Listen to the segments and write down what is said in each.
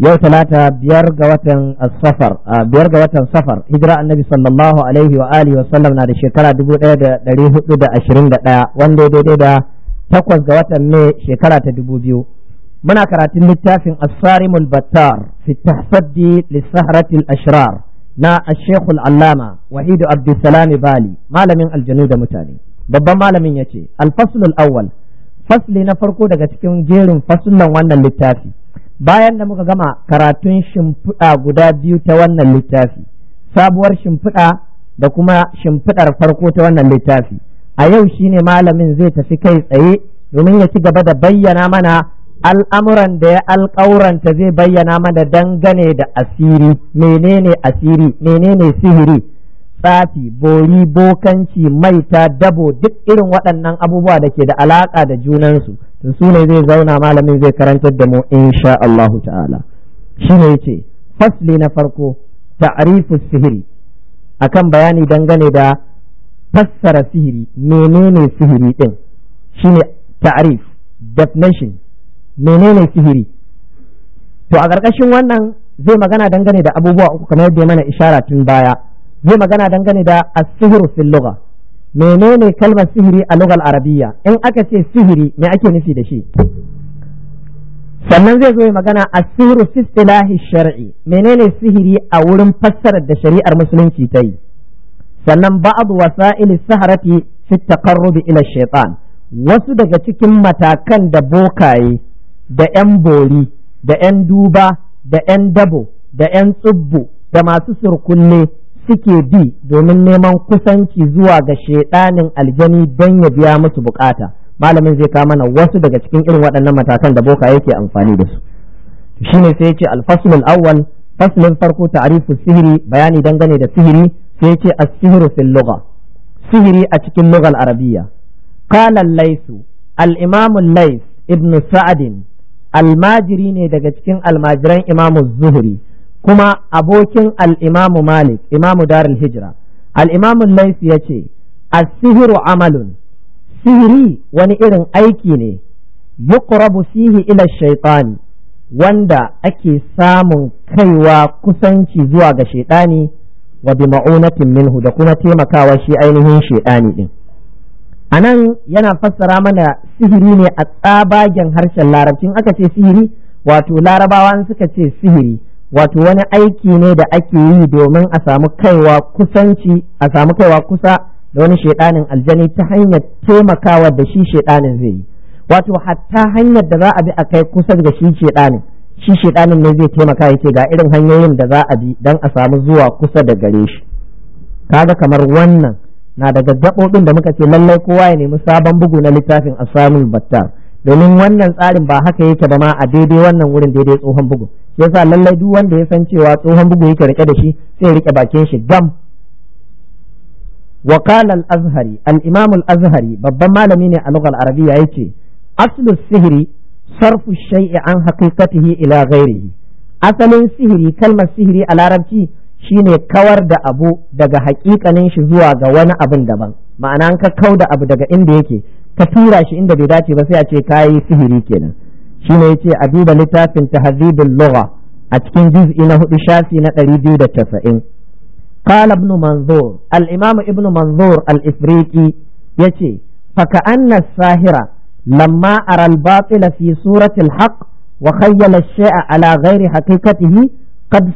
yau talata biyar ga watan safar biyar ga watan safar hijira annabi sallallahu alaihi wa alihi wa sallam na da shekara dubu daya da dari hudu da ashirin da ɗaya wanda daidai da takwas ga watan mai shekara ta dubu biyu muna karatun littafin asarimul battar fi tahsaddi lisahratil ashrar na ashekul allama wahidu abdulsalam bali malamin aljanu da mutane babban malamin ya ce alfaslul awwal fasli na farko daga cikin jerin fasulan wannan littafi bayan da muka gama karatun shimfiɗa guda biyu ta wannan littafi sabuwar shimfiɗa da kuma shimfiɗar farko ta wannan littafi a yau shi ne malamin zai tafi kai tsaye domin ya ci gaba da bayyana mana al'amuran da ya alƙauranta zai bayyana mana dangane da asiri menene asiri menene sihiri tsafi bori bokanci maita dabo duk irin waɗannan abubuwa da ke da alaƙa da junansu to su ne zai zauna malamin zai karantar da mu insha Allahu ta'ala shi ne ce fasli na farko ta'rifu sihiri akan bayani dangane da fassara sihiri menene sihiri din shine ta'rif definition menene sihiri to a ƙarƙashin wannan zai magana dangane da abubuwa uku kamar yadda mana ishara tun baya zai magana dangane da as fil menene kalmar sihiri a lugar arabiya in aka ce sihiri me ake nufi da shi sannan zai zo magana as-sihru fi menene sihiri a wurin fassarar da shari'ar musulunci ta yi sannan ba'd wasa'ili saharati fi taqarrub ila shaytan wasu daga cikin matakan da bokaye da 'yan bori da 'yan duba da 'yan dabo da 'yan tsubbu da masu surkulle suke bi domin neman kusanci zuwa ga shaidanin aljani don ya biya musu bukata malamin zai kama na wasu daga cikin irin waɗannan matakan da boka yake amfani da su shine sai ya ce alfaslul awwal faslin farko ta'rifu sihiri bayani dangane da sihiri sai ya ce as-sihru fil lugha sihiri a cikin lugal arabiya. qala laisu laysu al-imam al-lays ibn sa'd al ne daga cikin almajiran imamu zuhri kuma abokin al'imamu malik imamu darul hijira al'imamu laifi ya ce asihiru amalun sihiri wani irin aiki ne yuqrabu sihi ila shaiɗani wanda ake samun kaiwa kusanci zuwa ga shaiɗani wa bi ma'unatin minhu da kuma taimakawa shi ainihin shaiɗani din a nan yana fassara mana sihiri ne a tsabagen harshen larabcin aka ce sihiri wato larabawan suka ce sihiri wato wani aiki ne da ake yi domin a samu kaiwa kusanci a samu kaiwa kusa da wani shaidanin aljani ta hanyar taimakawa da shi shaidanin zai yi wato hatta hanyar da za a bi a kai kusa da shi shaidanin shi shaidanin ne zai taimaka yake ga irin hanyoyin da za a bi don a samu zuwa kusa da gare shi kaga kamar wannan na daga gaɓoɓin da muka ce lallai kowa ya nemi sabon bugu na littafin asamul battar domin wannan tsarin ba haka yake ba ma a daidai wannan wurin daidai tsohon bugu yasa lallai duk wanda ya san cewa tsohon bugu yake rike da shi sai rike bakin shi gam wa qala al-azhari al-imam al-azhari babban malami ne a lughar arabiya yace aslu sihiri sarfu shay'i an haqiqatihi ila ghairihi asalin sihiri kalmar sihiri a larabci shine kawar da abu daga haƙiƙanin shi zuwa ga wani abin daban ma'ana an ka kau da abu daga inda yake ka tura shi inda bai dace ba sai a ce kayi sihiri kenan shi ne ya ce a duba littafin tahazibin lura a cikin juz'i na hudu shafi na ɗari biyu da casa'in. qala ibn manzur al imam ibn manzur al ifriqi yace fa ka anna sahira lamma ara al batila fi surati al haqq wa khayyala al shay'a ala ghairi haqiqatihi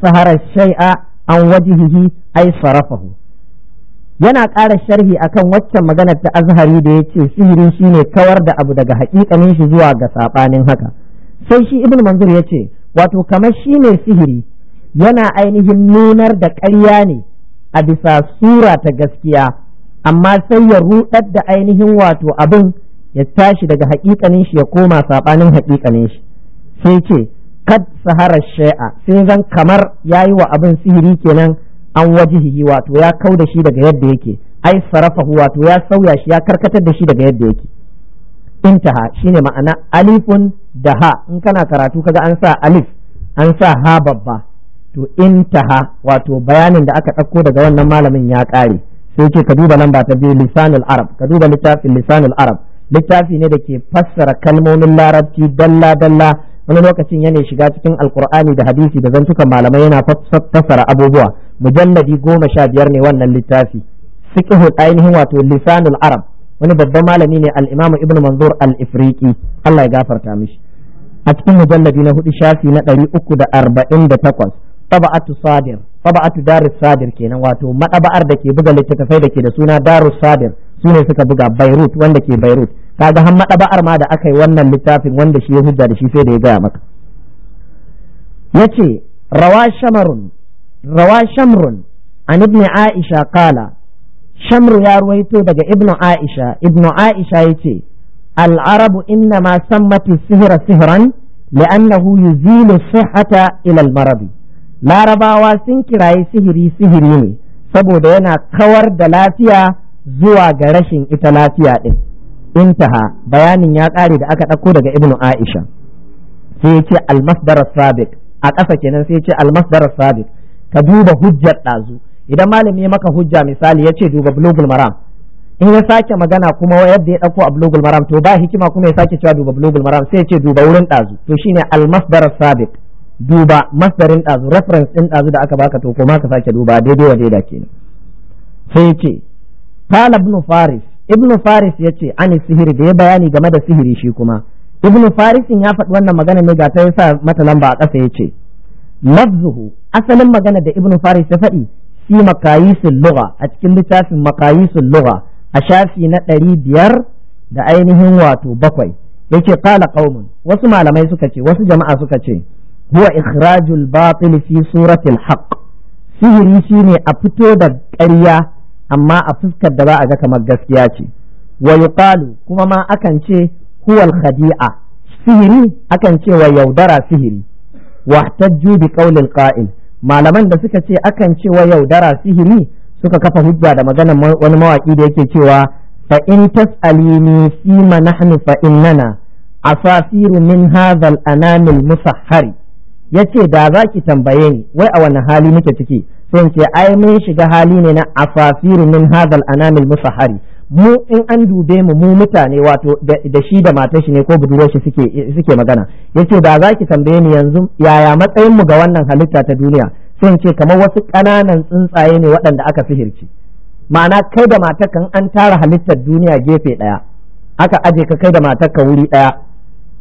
sahara al an wajhihi ay sarafahu yana ƙara sharhi akan waccan maganar ta azhari da ya ce sihiri shine kawar da abu daga haƙiƙanin shi zuwa ga saɓanin haka sai shi ibn manzur ya ce wato kamar shine sihiri yana ainihin nunar da ƙarya ne a bisa sura ta gaskiya amma sai ya ruɗar da ainihin wato abin ya tashi daga haƙiƙanin shi ya koma saɓanin haƙiƙanin shi sai ce kad sahara shai'a sai zan kamar yayi wa abin sihiri kenan an wajihi wato ya kau da shi daga yadda yake ai sarafahu wato ya sauya shi ya karkatar da shi daga yadda yake intaha shine ma'ana alifun da ha in kana karatu kaga an sa alif an sa ha babba to intaha wato bayanin da aka ɗauko daga wannan malamin ya ƙare sai ce ka duba lamba ta biyu lisanul arab ka duba littafin lisanul arab littafi ne da ke fassara kalmomin larabci dalla dalla wani lokacin yana shiga cikin alkur'ani da hadisi da zantukan malamai yana fassara abubuwa mujalladi goma sha biyar ne wannan littafi fiqhul ainihin wato lisanul arab wani babban malami ne al-imam ibnu manzur al-ifriqi Allah ya gafarta mishi a cikin mujalladi na hudu shafi na ɗari uku da arba'in da takwas taba'atu sadir taba'atu darus sadir kenan wato maɗaba'ar da ke buga littattafai da ke da suna darus sadir su ne suka buga beirut wanda ke beirut kaga har maɗaba'ar ma da aka yi wannan littafin wanda shi ya hujja da shi sai da ya gaya maka yace rawa shamarun rawa shamrun an ibn aisha kala shamru ya ruwaito daga ibnu aisha ibnu aisha ya ce al'arabu inna ma sammatu sihira sihiran li'annahu yuzilu sihhata ila al-maradi larabawa sun kiraye sihiri sihiri ne saboda yana kawar da lafiya zuwa ga rashin ita lafiya din intaha bayanin ya kare da aka ɗauko daga ibnu aisha sai ce al-masdar sabiq a ƙasa kenan sai ya ce al-masdar ka duba hujjar ɗazu idan malami ya maka hujja misali ya ce duba blogul maram in ya sake magana kuma yadda ya ɗauko a blogul maram to ba hikima kuma ya sake cewa duba blogul maram sai ya ce duba wurin ɗazu to shine almasdar sabit duba masdarin ɗazu reference ɗin ɗazu da aka baka to kuma ka sake duba daidai wa daida kenan sai ya ce kala ibn faris ibn faris ya ce ani sihiri da ya bayani game da sihiri shi kuma ibn farisin ya faɗi wannan magana ne ga ta yasa mata lamba a ƙasa ya ce lafzuhu asalin magana da ibnu faris ya faɗi fi makayisul lugha a cikin littafin makayisul lugha a shafi na ɗari biyar da ainihin wato bakwai yake qala qaumun wasu malamai suka ce wasu jama'a suka ce huwa ikhrajul batil fi suratil haqq sihiri shine a fito da ƙarya amma a fuskar da ba a ga kamar gaskiya ce wa yuqalu kuma ma akan ce huwal khadi'a sihiri akan ce wa yaudara sihiri wahtajju bi qawlil qa'il malaman da suka ce akan cewa yaudara sihiri suka kafa hujja da magana wani mawaki da yake cewa fa in tas'alini fi ma nahnu fa innana asasiru min hadha al-anam musahhari yace da zaki tambaye ni wai a wani hali muke ciki sai in ce ai mun shiga hali ne na asasiru min hadha al-anam musahhari mu in an dube mu mu mutane wato da shi da matar shi ne ko budurwar shi suke magana yace da za ki tambaye ni yanzu yaya matsayin mu ga wannan halitta ta duniya sai ce kamar wasu ƙananan tsuntsaye ne waɗanda aka sihirci ma'ana kai da matar kan an tara halittar duniya gefe ɗaya aka aje ka kai da matar ka wuri ɗaya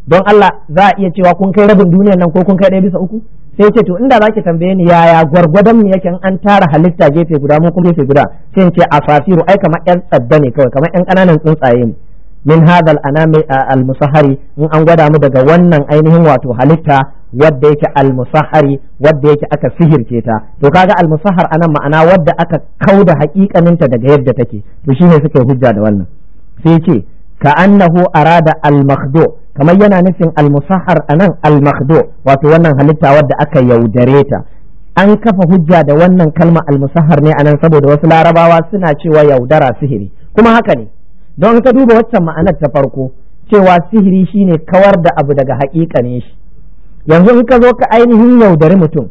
don Allah za a iya cewa kun kai rabin duniyar nan ko kun kai ɗaya bisa uku sai ce to inda zaki tambaye ni yaya gwargwadon mu yake an tara halitta gefe guda mu kuma gefe guda sai ce a fasiru ai kamar yan tsabba ne kawai kamar yan kananan tsuntsaye ne min hadal anami al musahari in an gwada mu daga wannan ainihin wato halitta wadda yake al musahari wadda yake aka sihirce ta to kaga al musahar anan ma'ana wadda aka kauda hakikaninta daga yadda take to shine suka hujja da wannan sai ce ka annahu arada al-makhdu kamar yana nufin al-musahhar anan al-makhdu wato wannan halitta wadda aka yaudare ta an kafa hujja da wannan kalma al-musahhar ne anan saboda wasu larabawa suna cewa yaudara sihiri kuma haka ne don ka duba waccan ma'anar ta farko cewa sihiri shine kawar da abu daga ne shi yanzu in ka zo ka ainihin yaudari mutum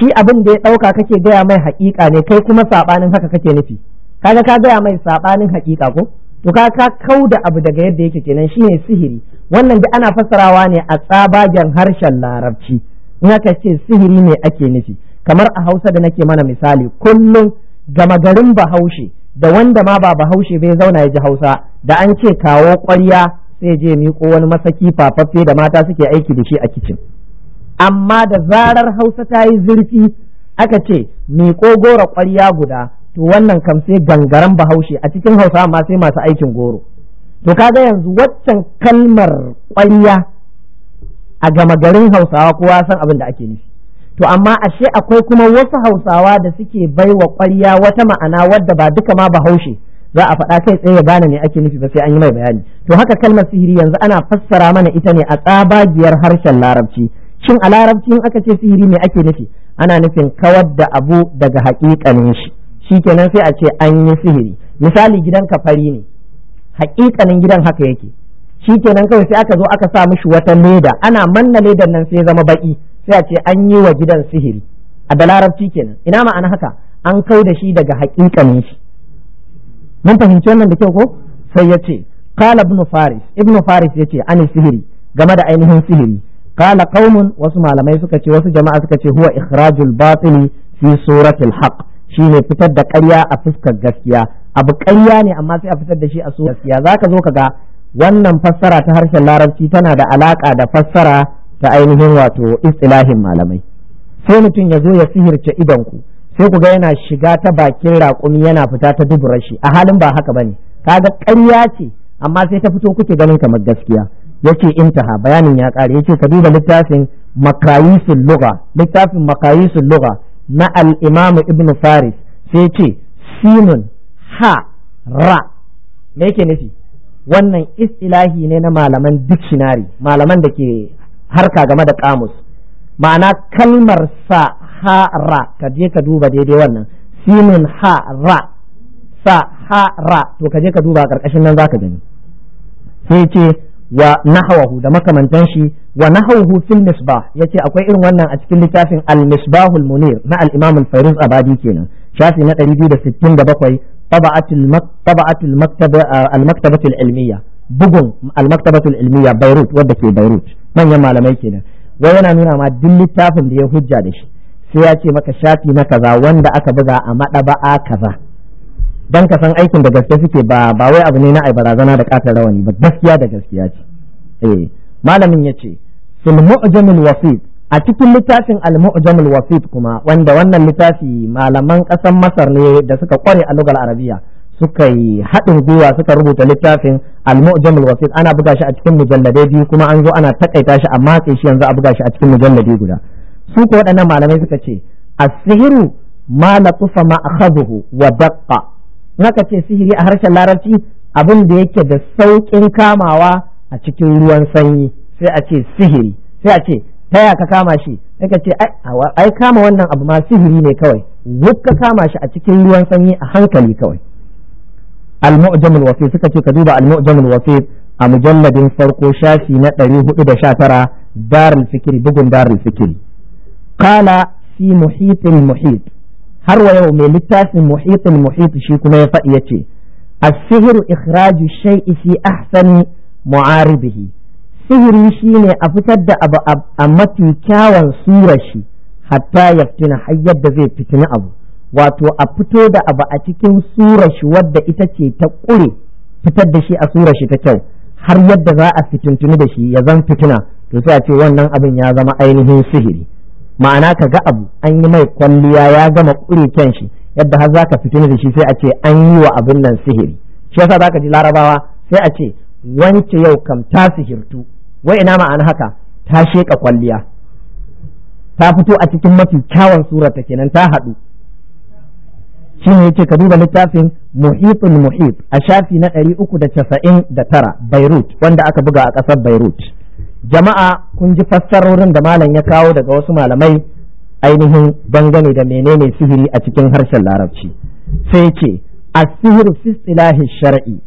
shi abin da ya ɗauka kake gaya mai haƙiƙa ne kai kuma saɓanin haka kake nufi kaga ka gaya mai saɓanin haƙiƙa ko to ka ka da abu daga yadda yake kenan shi ne sihiri wannan da ana fassarawa ne a tsabagen harshen larabci in aka ce sihiri ne ake nufi kamar a Hausa da nake mana misali kullum gama garin Bahaushe da wanda ma ba Bahaushe bai zauna ya ji Hausa da an ce kawo kwarya sai je miko wani masaki fafaffe da mata suke aiki da shi a kicin amma da zarar Hausa ta yi zurfi aka ce miko gora kwarya guda to wannan kam sai gangaren bahaushe a cikin hausa ma sai masu aikin goro to kaga yanzu waccan kalmar ƙwarya a gama garin hausawa kowa san abin da ake nufi to amma ashe akwai kuma wasu hausawa da suke baiwa ƙwarya wata ma'ana wadda ba duka ma bahaushe za a faɗa kai tsaye gane ne ake nufi ba sai an yi mai bayani to haka kalmar sihiri yanzu ana fassara mana ita ne a tsabagiyar harshen larabci shin a larabci in aka ce sihiri me ake nufi ana nufin kawar da abu daga haƙiƙanin shi shikenan sai a ce an yi sihiri misali gidan ka fari ne hakikanin gidan haka yake shikenan kawai sai aka zo aka sa mishi wata leda ana manna ledan nan sai zama baki sai a ce an yi wa gidan sihiri a da larabci kenan ina ma'ana haka an kai da shi daga hakikanin shi mun fahimci wannan da kyau ko sai ya ce qala ibn faris ibn faris ya ce an sihiri game da ainihin sihiri qala qaumun wasu malamai suka ce wasu jama'a suka ce huwa ikhrajul batili fi suratil haqq shi ne fitar da karya a fuskar gaskiya abu karya ne amma sai a fitar da shi a surar gaskiya zaka zo ka ga wannan fassara ta harshen larabci tana da alaƙa da fassara ta ainihin wato istilahin malamai sai mutum ya zo ya sihirce idon ku sai ku ga yana shiga ta bakin raƙumi yana fita ta duburar shi a halin ba haka bane kaga karya ce amma sai ta fito kuke ganin kamar gaskiya yace intaha bayanin ya kare yace ka duba littafin makayisul lugha littafin makayisul lugha na al'imamu ibn faris sai ce sinun ha ra me yake nufi wannan istilahi ne na malaman dictionary malaman da ke harka game da kamus ma'ana kalmar sa ha ra ka je ka duba daidai wannan sinun ha ra sa ha ra to ka je ka duba a ƙarƙashin nan za ka gani sai ce wa nahawahu da makamantan shi wa nahawhu fil misbah yace akwai irin wannan a cikin littafin al misbahul munir na al imam al faiz abadi kenan shafi na 267 tabaatul tabaatul maktaba al maktabatul ilmiya bugun al maktabatul ilmiya beirut wadda ke beirut manyan malamai kenan wai yana nuna ma duk littafin da ya hujja da shi sai ya ce maka shafi na kaza wanda aka buga a maɗaba'a kaza dan ka san aikin da gaske suke ba ba wai abu ne na ai barazana da katar rawani ba gaskiya da gaskiya ce eh malamin ya ce fil mu'jamil wasit a cikin littafin al-mu'jamul wasit kuma wanda wannan littafi malaman ƙasar Masar ne da suka kware a lugar Arabiya suka yi haɗin gwiwa suka rubuta littafin al-mu'jamul wasit ana buga shi a cikin mujalladai biyu kuma an zo ana takaita shi amma matse shi yanzu a buga shi a cikin mujalladai guda su ko waɗannan malamai suka ce asihiru sihru ma latufa ma akhadhu wa daqqa naka ce sihiri a harshen larabci abin da yake da sauƙin kamawa a cikin ruwan sanyi sai a ce sihiri sai a ce ta ya ka kama shi sai ka ce ai kama wannan abu ma sihiri ne kawai duk ka kama shi a cikin ruwan sanyi a hankali kawai al-mu'jamul wafi suka ce ka duba al-mu'jamul wafi a mujalladin farko shafi na 419 darul fikri bugun darul fikri qala fi muhitil muhit har wa yau mai littafin muhitil muhit shi kuma ya faɗi yace as-sihru ikhraju shay'i fi ahsani mu'aribihi sihiri shine a fitar da abu a mafi kyawun sura shi hatta ya fitina har yadda zai fitina abu wato a fito da abu a cikin sura shi wadda ita ce ta ƙure fitar da shi a sura shi ta kyau har yadda za a fitintuni da shi ya zan fitina to sai a ce wannan abin ya zama ainihin sihiri ma'ana ka ga abu an yi mai kwalliya ya gama ƙure kyan shi yadda har za ka fitini da shi sai a ce an yi wa abin nan sihiri shi yasa za ka ji larabawa sai a ce wance yau kam ta sihirtu wai ina ma'ana haka ta sheka kwalliya ta fito a cikin mafi kyawun surata kenan ta haɗu shi ne yake ka duba littafin muhitul muhit a shafi na ɗari uku da casa'in da tara beirut wanda aka buga a ƙasar beirut jama'a kun ji fassarorin da malam ya kawo daga wasu malamai ainihin dangane da menene sihiri a cikin harshen larabci sai ce a sihiru fi shar'i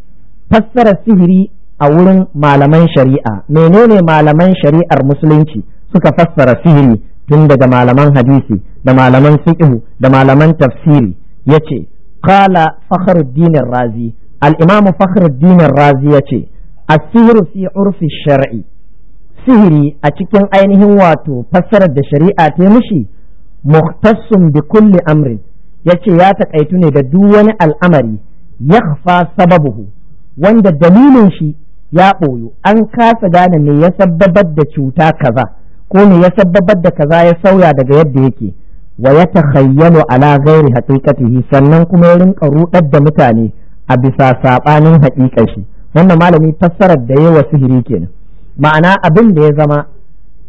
fassara sihiri a wurin malaman shari'a menene malaman shari'ar musulunci suka fassara sihiri tun daga malaman hadisi da malaman fiqh da malaman tafsiri yace qala fakhruddin razi al-imam fakhruddin razi yace as-sihru fi urfi sihiri a cikin ainihin wato fassarar da shari'a ta mishi muhtassun bi kulli amrin yace ya taƙaitu ne da duk wani al'amari yakhfa sababuhu wanda dalilin shi ya ɓoyo an kasa gane me ya sabbabar da cuta kaza ko me ya sabbabar da kaza ya sauya daga yadda yake wa ya takhayyalu ala ghairi haqiqatihi sannan kuma ya rinka rudar da mutane a bisa saɓanin haƙiƙa shi wannan malami fassarar da yawa sihiri kenan ma'ana abin da ya zama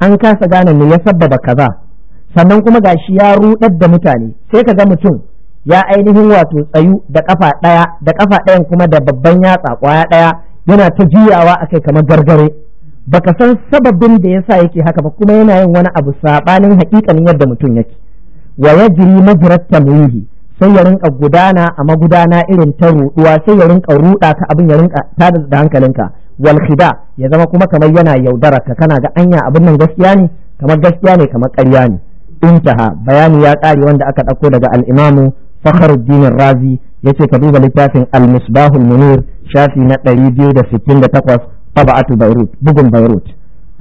an kasa gane me ya sabbaba kaza sannan kuma gashi ya rudar da mutane sai ka ga mutum ya ainihin wato tsayu da ƙafa ɗaya da ƙafa ɗayan kuma da babban yatsa kwaya ɗaya yana ta juyawa kai kamar gargare baka san sababin da ya sa yake haka ba kuma yana yin wani abu saɓanin hakikanin yadda mutum yake wa yajri majrat muhi sai ya rinka gudana a magudana irin ta ruɗuwa sai ya rinka ruɗa ka abin ya rinka tada da hankalinka wal khida ya zama kuma kamar yana yaudara ka kana ga anya abin nan gaskiya ne kamar gaskiya ne kamar ƙarya ne intaha bayani ya ƙare wanda aka ɗauko daga al'imamu imamu fakhruddin razi yace ka duba littafin al-misbahul munir shafi na 268 tabatu bayrut bugun bayrut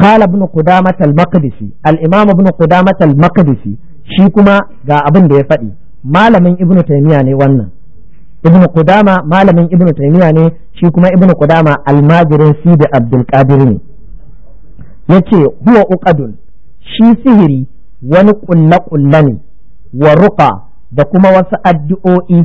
qala ibn qudamah al-maqdisi al-imam ibn qudamah al-maqdisi shi kuma ga abin da ya faɗi malamin ibn taymiya ne wannan ibn qudama malamin ibn taymiya ne shi kuma ibn qudama almajirin sidi abdul qadir ne yace huwa uqadun shi sihiri wani kulle kulle ne wa ruqa da kuma wasu addu'o'i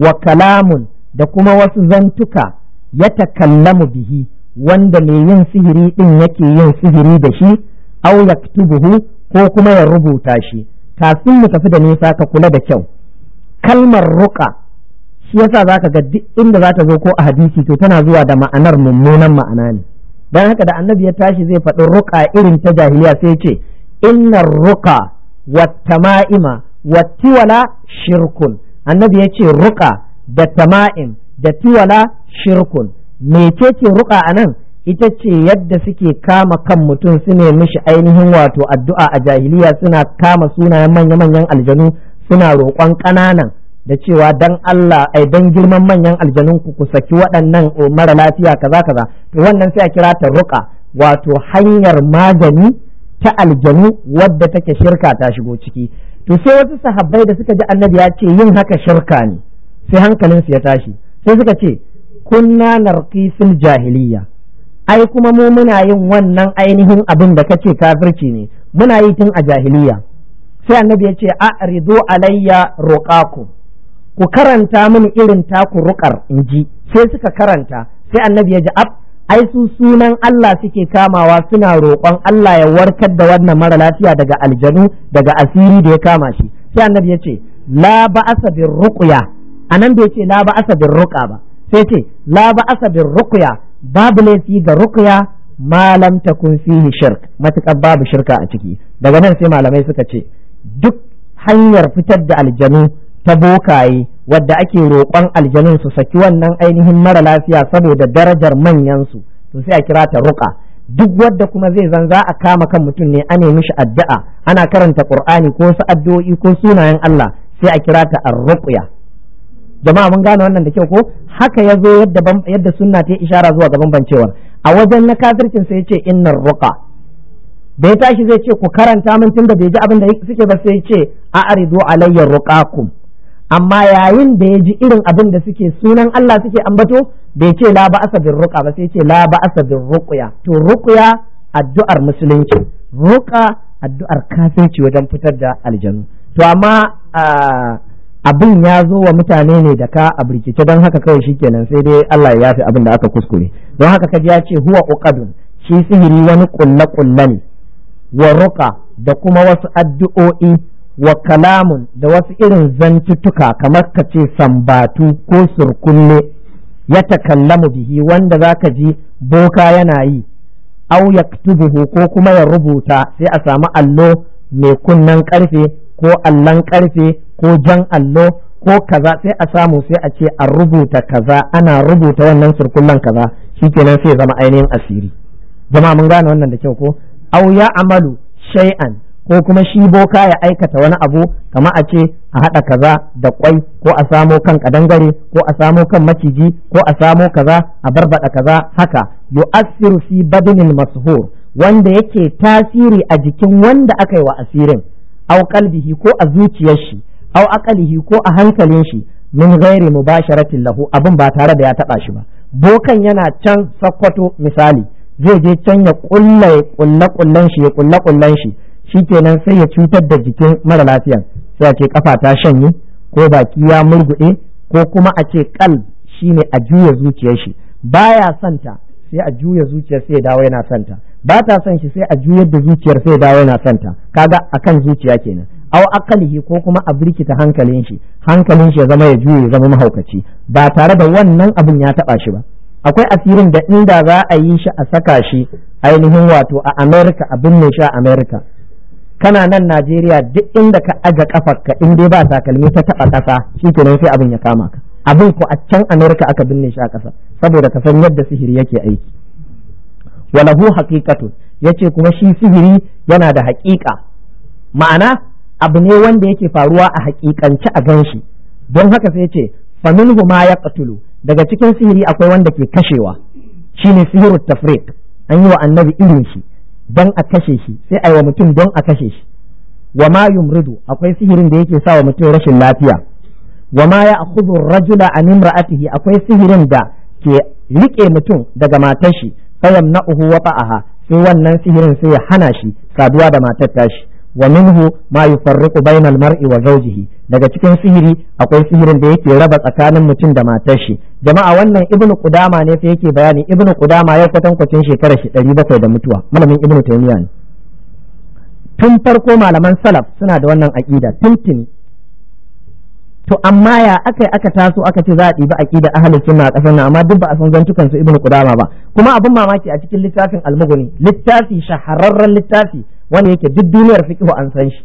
wa kalamun da kuma wasu zantuka ya takallamu bihi wanda mai yin sihiri ɗin yake yin sihiri da shi au yaktubuhu ko kuma ya rubuta shi kafin mu tafi da nisa ka kula da kyau kalmar ruka shi yasa zaka ga duk inda zata zo ko a hadisi to tana zuwa da ma'anar mummunan ma'ana ne don haka da annabi ya tashi zai faɗi ruka irin ta jahiliya sai ce innar ruka wat tama'ima wat tiwala shirkun annabi ya ce ruka da tama'in da tiwala shirkun mecece ruka a nan ita ce yadda suke kama kan mutum su ne mishi ainihin wato addu'a a jahiliya suna kama sunayen manya-manyan aljanu suna roƙon ƙananan da cewa dan Allah ai dan girman manyan aljanun ku ku saki waɗannan eh, mara lafiya kaza kaza to wannan sai a kira ta ruka wato hanyar magani ta aljanu wadda take shirka ta shigo ciki to sai wasu sahabbai da suka ji annabi ya ce yin haka shirka ne sai hankalinsu ya tashi sai suka ce kunna narqisul jahiliya ai kuma mu muna yin wannan ainihin abin da kace kafirci ne muna yi tun a jahiliya sai annabi ya ce a ridu alayya ruqaku ku karanta mini irin taku ruƙar in ji sai suka karanta sai annabi ya ji ab ai su sunan Allah suke kamawa suna roƙon Allah ya warkar da wannan mara lafiya daga aljanu daga asiri da ya kama shi sai annabi ya ce la ba'asa bir ruqya anan bai ce la ba'asa bir ruqa ba sai ce la ba'asa bir ruqya babu laifi ga ruqya ma lam takun fihi shirk matakan babu shirka a ciki daga nan sai malamai suka ce duk hanyar fitar da aljanu ta bokaye wadda ake roƙon aljanun su saki wannan ainihin mara lafiya saboda darajar manyansu, to sai a kira ta ruka duk wadda kuma zai zan za a kama kan mutum ne a nemi shi addu'a ana karanta qur'ani ko su addu'o'i ko sunayen Allah sai a kira ta arruqya jama'a mun gane wannan da kyau ko haka yazo zo yadda yadda sunna ta ishara zuwa ga bambancewar a wajen na kafircin sai yace innar ruqa da ya tashi zai ce ku karanta min tunda bai ji abin da suke ba sai yace a aridu alayya ruqakum amma yayin da ya ji irin abin da suke sunan Allah suke ambato bai ce la ba'asa bin ruqa ba sai ce la ba'asa bin ruqya to ruqya addu'ar musulunci ruqa addu'ar kafirci wajen fitar da aljanu to amma abin ya zo wa mutane ne da ka a birkice don haka kawai shikenan sai dai Allah ya yafi abin da aka kuskure don haka kaji ya ce huwa uqadun shi sihiri wani kulle kulle ne wa ruqa da kuma wasu addu'o'i wa kalamun da wasu irin zantuttuka kamar ka ce sambatu ko surkulle ya mu bihi wanda za ka ji boka yana yi au yaktubuhu ko kuma ya rubuta sai a samu allo mai kunnen karfe ko allon karfe ko jan allo ko kaza sai a samu sai a ce a rubuta kaza ana rubuta wannan surkullen kaza shi shikenan sai zama ainihin asiri jama'a mun gane wannan da kyau ko au ya amalu shay'an ko kuma shi boka ya aikata wani abu kama a ce a haɗa kaza da kwai ko a samo kan kadangare ko a samo kan maciji ko a samo kaza a barbada kaza haka yu'assiru fi badinin mashur wanda yake tasiri a jikin wanda aka yi wa asirin au kalbihi ko a zuciyar shi au akalihi ko a hankalin shi min ghairi mubasharatin lahu abin ba tare da ya taɓa shi ba bokan yana can sakkwato misali zai je can ya kulle kulle kullen shi ya kulle kullen shi shi kenan sai ya cutar da jikin mara lafiyan sai a ce kafa ta shanye ko baki ya murguɗe ko kuma a ce kal ne a juya zuciyar shi baya santa sai a juya zuciyar sai ya dawo yana santa ba ta son shi sai a juyar da zuciyar sai ya dawo yana santa kaga akan zuciya kenan aw akalihi ko kuma a birkita hankalin shi hankalin shi ya zama ya juya ya zama mahaukaci ba tare da wannan abin ya taba shi ba akwai asirin da inda za a yi shi a saka shi ainihin wato a America abin ne shi a America kana nan Najeriya duk inda ka aje ka in dai ba takalmi ta taba kasa shi shikenan sai abin ya kama ka abin ku a can America aka binne shi a kasa saboda ka san yadda sihiri yake aiki walahu haqiqatu yace kuma shi sihiri yana da haƙiƙa ma'ana abu ne wanda yake faruwa a haƙiƙance a gan shi don haka sai yace faminhu ma yaqtulu daga cikin sihiri akwai wanda ke kashewa shine sihirut tafriq an yi wa annabi irin shi don a kashe shi sai a yi wa mutum don a kashe shi wa ma yumridu akwai sihirin da yake sa wa mutum rashin lafiya wa ma ya akhudhu rajula an imra'atihi akwai sihirin da ke rike mutum daga matar shi fayamna'uhu wa fa'aha sai wannan sihirin sai ya hana shi saduwa da matar tashi wa minhu ma yufarriqu bainal mar'i wa zawjihi daga cikin sihiri akwai sihirin da yake raba tsakanin mutum da matar shi jama'a wannan ibnu qudama ne sai yake bayani ibnu qudama ya kwatan kwacin shekara shi dari bakwai da mutuwa malamin ibnu taymiya ne tun farko malaman salaf suna da wannan aqida tuntuni to amma ya aka aka taso aka ce za a ɗibi aqida ahlus sunna a ƙasar nan amma duk ba a san zantukan su ibnu qudama ba kuma abin mamaki a cikin littafin almuguni littafi shahararren littafi wanda yake duk duniyar fiqh an san shi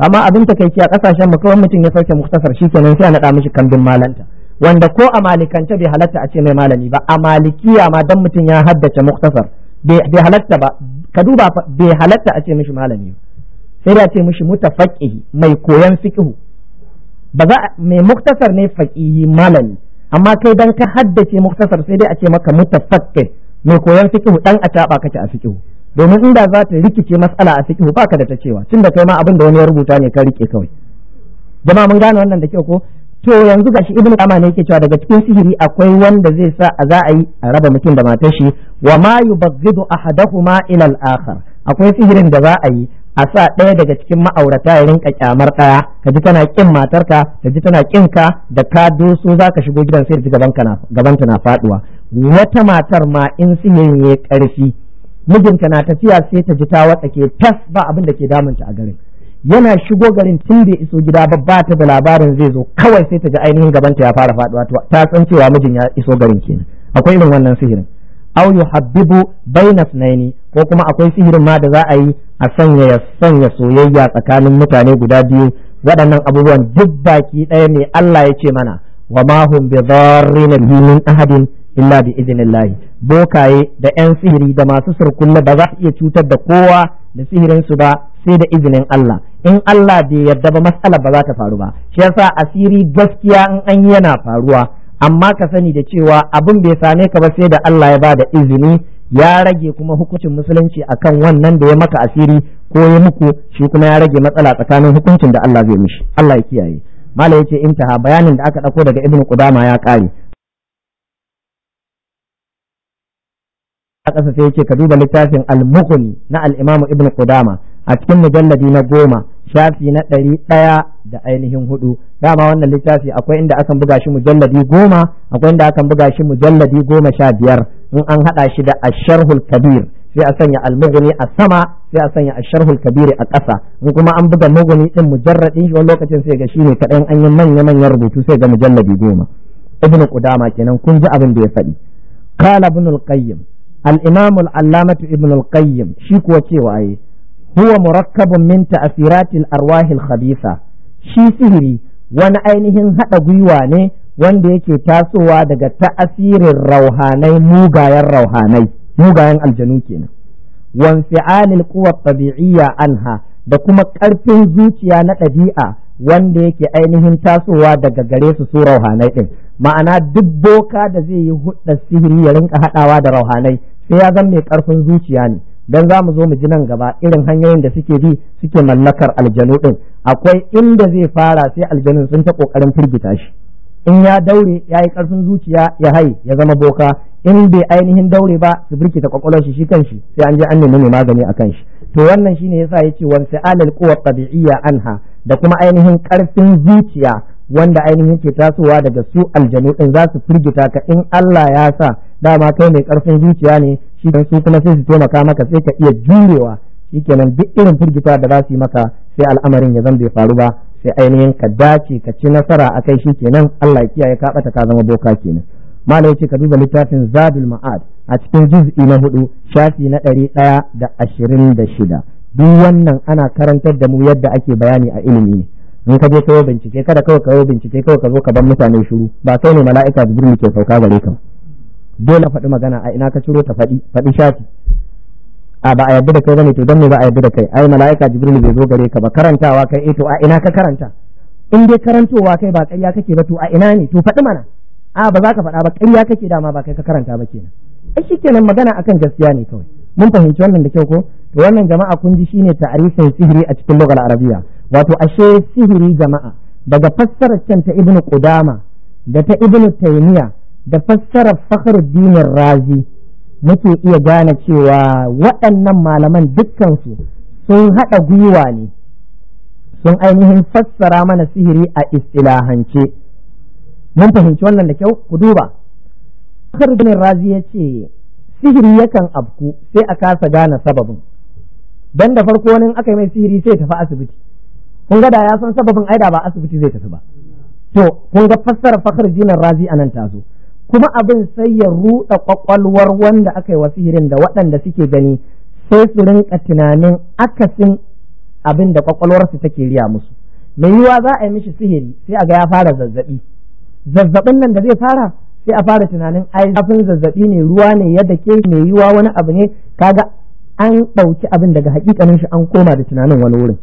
amma abin takeici a kasashen mu kawai mutum ya sauke muktasar shikenan sai a naɗa mishi kambin malanta wanda ko a malikance bai halatta a ce mai malami ba a malikiya ma dan mutum ya haddace muktasar bai halatta ba ka duba bai halatta a ce mishi malami sai da ce mishi mutafaqqihi mai koyan fiqhu ba za mai muktasar ne faqihi malami amma kai dan ka haddace muktasar sai dai a ce maka mutafaqqih mai koyan fiqhu dan a taba kace a fiqhu domin inda za ta rikice mas'ala a fiqhu baka da ta cewa tunda kai ma abin da wani ya rubuta ne ka rike kawai jama'a mun gane wannan da kyau ko to yanzu gashi ibnu kama ne yake cewa daga cikin sihiri akwai wanda zai sa a za a yi a raba mutum da matar shi wa ma yubghidu ahaduhuma ila al-akhar akwai sihirin da za a yi a sa ɗaya daga cikin ma'aurata ya rinka kyamar ɗaya ka ji tana kin matarka ka ji tana kin ka da ka doso za ka shigo gidan sai ji gaban ta na faduwa wata matar ma in sihirin ya karfi mijinta na tafiya sai ta ji ta ke tas ba abin da ke damunta a garin yana shigo garin tun da iso gida ba ba ta da labarin zai zo kawai sai ta ji ainihin gabanta ya fara faduwa ta san cewa mijin ya iso garin kenan akwai irin wannan sihirin aw yuhabbibu bainas naini ko kuma akwai sihirin ma da za a yi a sanya ya sanya soyayya tsakanin mutane guda biyu waɗannan abubuwan duk baki ɗaya ne Allah ya ce mana wa ma hum bi dharrin min ahadin illa bi idnillah bokaye da yan sihiri da masu surkulle ba za su iya cutar da kowa da sihirin su ba sai da izinin Allah in Allah bai yarda ba matsala ba za ta faru ba shi yasa asiri gaskiya in an yana faruwa amma ka sani da cewa abin bai same ka ba sai da Allah ya ba da izini ya rage kuma hukuncin musulunci akan wannan da ya maka asiri ko ya muku shi kuma ya rage matsala tsakanin hukuncin da Allah zai mishi Allah ya kiyaye mala yace intaha bayanin da aka dauko daga ibnu qudama ya kare a ƙasa sai yake ka duba littafin al-mughni na al imamu ibnu qudama a cikin mujalladi na goma shafi na ɗari ɗaya da ainihin hudu dama wannan littafi akwai inda akan buga shi mujalladi goma akwai inda akan buga shi mujalladi goma sha biyar in an haɗa shi da asharhul kabir sai a sanya almuguni a sama sai a sanya asharhul kabiri a ƙasa in kuma an buga muguni din mujarradi shi wani lokacin sai ga shine kaɗan an yi manya manyan rubutu sai ga mujalladi goma ibn qudama kenan kun ji abin da ya faɗi qala ibn al-qayyim al-imam al-allamah ibn al-qayyim shi kuwa cewa yi huwa murakkabun min ta'siratil arwahil khabisa shi sihiri wani ainihin hada gwiwa ne wanda yake tasowa daga ta'asirin rauhanai mugayen rauhanai mugayen aljanu kenan wanfi'alil quwwa tabi'iyya anha da kuma ƙarfin zuciya na ɗabi'a wanda yake ainihin tasowa daga gare su su rauhanai ɗin ma'ana duk boka da zai yi hudda sihiri ya rinka haɗawa da rauhanai sai ya zama mai ƙarfin zuciya ne dan za mu zo mu ji nan gaba irin hanyoyin da suke bi suke mallakar aljanu din akwai inda zai fara sai aljanun sun ta kokarin firgita shi in ya daure ya yi karfin zuciya ya hai ya zama boka in bai ainihin daure ba su birkita kwakwalwar shi shi kanshi sai an je an nemi mai magani a shi to wannan shine yasa yace wa sa'alal quwwa tabi'iyya anha da kuma ainihin karfin zuciya wanda ainihin ke tasowa daga su aljanu din za su firgita ka in Allah ya sa dama kai mai karfin zuciya ne shi dan su kuma sai su taimaka maka sai ka iya jurewa shikenan duk irin firgita da za su yi maka sai al'amarin ya zan bai faru ba sai ainihin ka dace ka ci nasara a akai shikenan Allah ya kiyaye ka bata ka zama boka kenan malam yace ka duba littafin Zadul Ma'ad a cikin juz'i na hudu shafi na ɗari ɗaya da ashirin da shida duk wannan ana karantar da mu yadda ake bayani a ilimi ne in ka je kawai bincike kada kawai kawai bincike kawai ka zo ka bar mutane shiru ba kai ne mala'ika jibril ke sauka gare ka dole faɗi magana a ina ka ciro ta faɗi faɗi shafi a ba a yarda da kai bane to dan me ba a yarda da kai ai mala'ika jibril bai zo gare ka ba karantawa kai eh to a ina ka karanta in dai karantowa kai ba ƙarya kake ba to a ina ne to faɗi mana a ba za ka faɗa ba ƙarya kake dama ba kai ka karanta ba kenan ai kenan magana akan gaskiya ne kawai mun fahimci wannan da kyau ko to wannan jama'a kun ji shine ta'arifin sihiri a cikin lugal arabiya wato ashe sihiri jama'a daga fassarar can ta ibnu qudama da ta ibnu taymiya da fassarar fakar dinin razi muke iya gane cewa waɗannan malaman dukkansu sun haɗa gwiwa ne sun ainihin fassara mana sihiri a istilahance mun fahimci wannan da kyau ku duba fakar dinin razi ya ce sihiri yakan afku sai a kasa gane sababin dan da farko wani aka yi mai sihiri sai tafi asibiti kun ga da ya san sababin aida ba asibiti zai tafi ba to kun ga fassara fakar dinin razi a nan tazo kuma abin sai ya ruɗa kwakwalwar wanda aka yi sihirin da waɗanda suke gani sai su rinka tunanin akasin abin da kwakwalwarsu take riya musu mai yiwa za a yi mishi sihiri sai a ga ya fara zazzabi zazzabin nan da zai fara sai a fara tunanin ai zafin zazzabi ne ruwa ne yadda ke mai yiwa wani abu ne kaga an ɗauki abin daga hakikanin shi an koma da tunanin wani wurin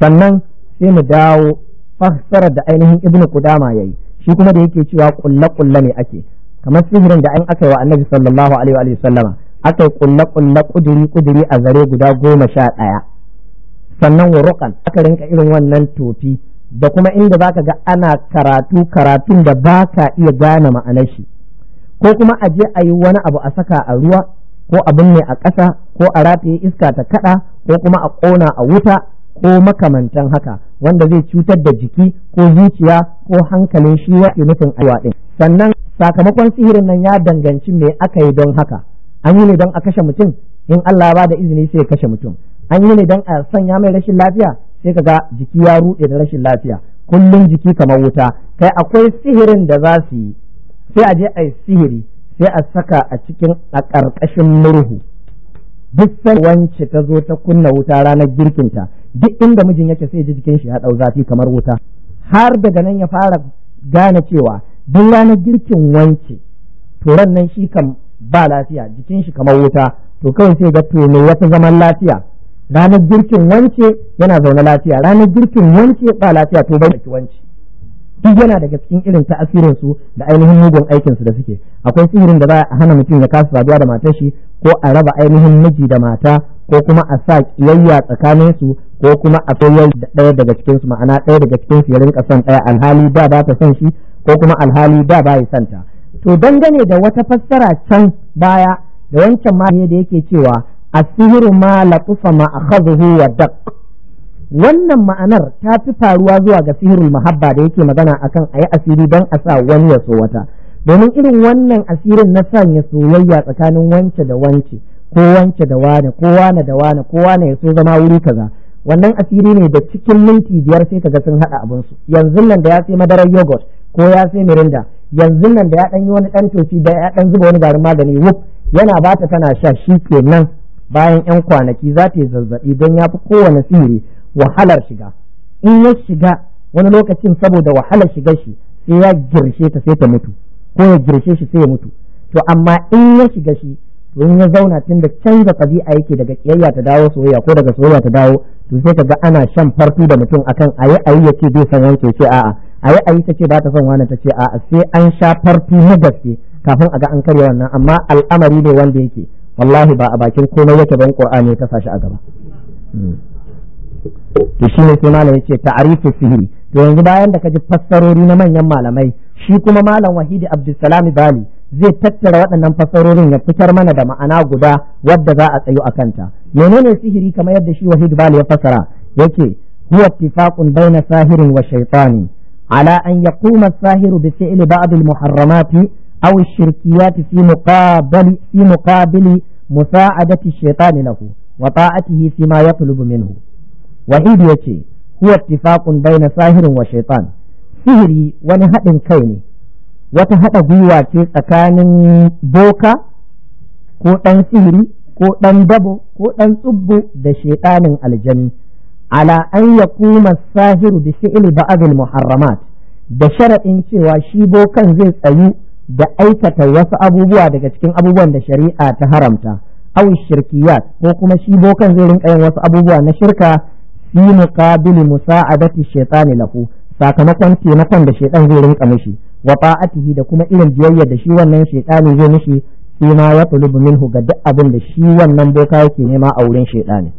sannan sai mu dawo fassarar da ainihin ibnu kudama yayi shi kuma da yake cewa kulle kulle ne ake kamar sihirin da an aka yi wa annabi sallallahu alaihi wa sallama aka yi kulle kulle kuduri kuduri a zare guda goma sha ɗaya sannan wurukan aka rinka irin wannan tofi da kuma inda zaka ga ana karatu karatun da baka iya gane ma'anar shi ko kuma a je a yi wani abu a saka a ruwa ko abin ne a ƙasa ko a rataye iska ta kaɗa ko kuma a ƙona a wuta ko makamantan haka wanda zai cutar da jiki ko zuciya ko hankalin shi ya nufin aiwa ɗin sannan sakamakon sihirin nan ya danganci me aka yi don haka an yi ne don a kashe mutum in Allah ba da izini sai ya kashe mutum an yi ne don a sanya mai rashin lafiya sai kaga jiki ya ruɗe da rashin lafiya kullum jiki kamar wuta kai akwai sihirin da za su yi sai a je a yi sihiri sai a saka a cikin a ƙarƙashin murhu duk wance ta zo ta kunna wuta ranar girkinta duk inda mijin yake sai ji jikin shi ya dau zafi kamar wuta har daga nan ya fara gane cewa duk ranar girkin wance to ran nan shi kan ba lafiya jikin shi kamar wuta to kawai sai ga to me wata zaman lafiya ranar girkin wance yana zaune lafiya ranar girkin wance ba lafiya to bai wanke duk yana daga cikin irin ta'asirin su da ainihin mugun aikin su da suke akwai sihirin da za a hana mutum ya kasa saduwa da matar shi ko a raba ainihin miji da mata ko kuma a sa kiyayya tsakanin su ko kuma a soyar da ɗaya daga cikin su ma'ana ɗaya daga cikin su ya rinka son ɗaya alhali da ba ta son shi ko kuma alhali da ba ya santa to dangane da wata fassara can baya da wancan ma da yake cewa asihiru ma latufa ma akhadhu wa daq wannan ma'anar ta fi faruwa zuwa ga sihirul mahabba da yake magana akan ayi asiri don a sa wani ya so wata domin irin wannan asirin na sanya soyayya tsakanin wance da wance ko wance da wane ko wane da wane ko wane ya so zama wuri kaza wannan asiri ne da cikin minti biyar sai kaga sun haɗa abin su yanzu nan da ya sai madarar yogurt ko ya sai mirinda yanzu nan da ya ɗan yi wani ɗan toci da ya ɗan zuba wani garin magani wuf yana ba ta tana sha shi kenan bayan yan kwanaki za ta yi zazzaɓi don ya fi kowane sihiri wahalar shiga in ya shiga wani lokacin saboda wahalar shiga shi sai ya girshe ta sai ta mutu ko ya girshe shi sai ya mutu to amma in ya shiga shi to in ya zauna tun da canza a yake daga kiyayya ta dawo soyayya ko daga soyayya ta dawo to sai ka ga ana shan fartu da mutum akan ayi ayi yace bai san wanke ce a'a ayi ayi tace ba ta son wani tace a'a sai an sha fartu na gaske kafin a ga an karya wannan amma al'amari ne wanda yake wallahi ba a bakin komai yake ban qur'ani ya kasa shi a gaba hmm. to shi ne sai malam ce ta'rifu sihiri to yanzu bayan da ka ji fassarori na manyan malamai shi kuma malam wahidi abdulsalam bali zai tattara waɗannan fassarorin ya fitar mana da ma'ana guda wadda za a tsayo a kanta menene sihiri kamar yadda shi wahidi bali ya fasara yake huwa ittifaqun baina sahirin wa shaytani ala an yaquma sahiru bi fi'li ba'd al-muharramati aw shirkiyati fi muqabali fi muqabili musa'adati ash-shaytani lahu wa ta'atihi fi ma yatlubu minhu wahid yace huwa ittifaqun baina sahirin wa shaytani sihiri wani haɗin kai ne wata haɗa gwiwa ce tsakanin boka ko ɗan sihiri ko ɗan dabo ko ɗan tsubbu da shaiɗanin aljani ala an ya kuma sahiru da shi'il ba'adul muharramat da sharaɗin cewa shi bokan zai tsayu da aikata wasu abubuwa daga cikin abubuwan da shari'a ta haramta aw shirkiyat ko kuma shi bokan zai rinka yin wasu abubuwa na shirka fi muqabil musa'adati shaytani lahu sakamakon taimakon da shaidan zai rinka mishi wa ta'atihi da kuma irin biyayyar da shi wannan ne zai mishi sai ma ya minhu ga duk abin da shi wannan boka yake nema a wurin ne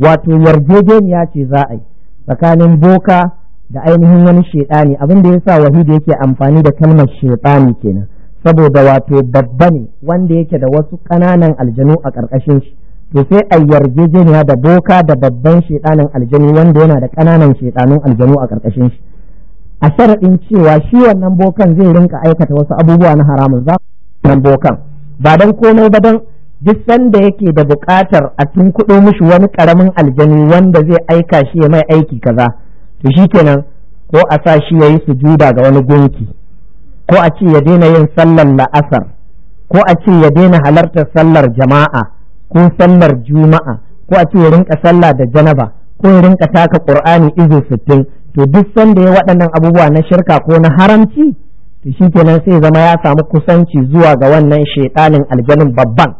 wato yarjejeniya ce za a yi tsakanin boka da ainihin wani ne abin da yasa wahidi yake amfani da kalmar shaidani kenan saboda wato babba ne wanda yake da wasu ƙananan aljanu a ƙarƙashin shi to sai a yarjejeniya da boka da babban shedanin aljanu wanda yana da ƙananan shedanun aljanu a ƙarƙashin shi a sharaɗin cewa shi wannan bokan zai rinka aikata wasu abubuwa na haramun za nan bokan ba don komai ba don duk sanda yake da buƙatar a kuɗo mishi wani ƙaramin aljanu wanda zai aika shi ya mai aiki kaza to shi kenan ko a sa shi ya yi sujuda ga wani gunki ko a ce ya daina yin sallar la'asar ko a ce ya daina halartar sallar jama'a ko sallar juma'a ko a ce ya rinka sallah da janaba ko ya rinka taka qur'ani izo sittin to duk sanda ya waɗannan abubuwa na shirka ko na haramci to shikenan sai zama ya samu kusanci zuwa ga wannan shaiɗanin aljanin babban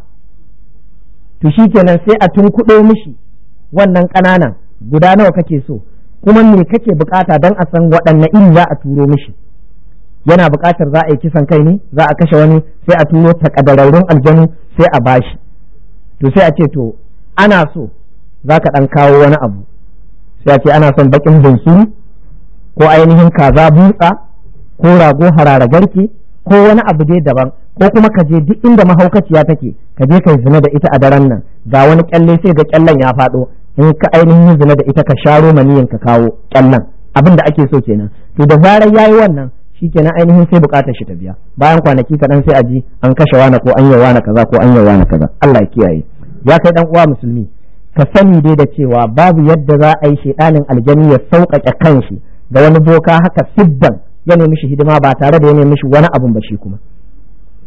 to shikenan sai a tunkuɗo mishi wannan ƙananan guda nawa kake so kuma me kake bukata dan a san waɗanne iri za a turo mishi yana bukatar za a yi kisan kai ne za a kashe wani sai a turo takadararrun aljanu sai a bashi to sai a ce to ana so za ka ɗan kawo wani abu sai a ce ana son baƙin bunsuru ko ainihin kaza butsa ko rago harara garki ko wani abu dai daban ko kuma ka je duk inda mahaukaciya take ka je ka zina da ita a daren nan ga wani kyalle sai ga kyallen ya faɗo in ka ainihin zina da ita ka sharo maniyin ka kawo kyallen abin da ake so kenan to da zarar yayi wannan na ainihin sai bukatar shi ta biya bayan kwanaki kaɗan sai a ji an kashe wani ko an yi wani kaza ko an yi wani kaza Allah ya kiyaye ya kai dan uwa musulmi ka sani dai da cewa babu yadda za a yi shedanin aljani ya sauƙaƙe kanshi ga wani boka haka siddan ya nemi shi hidima ba tare da ya nemi shi wani abun ba shi kuma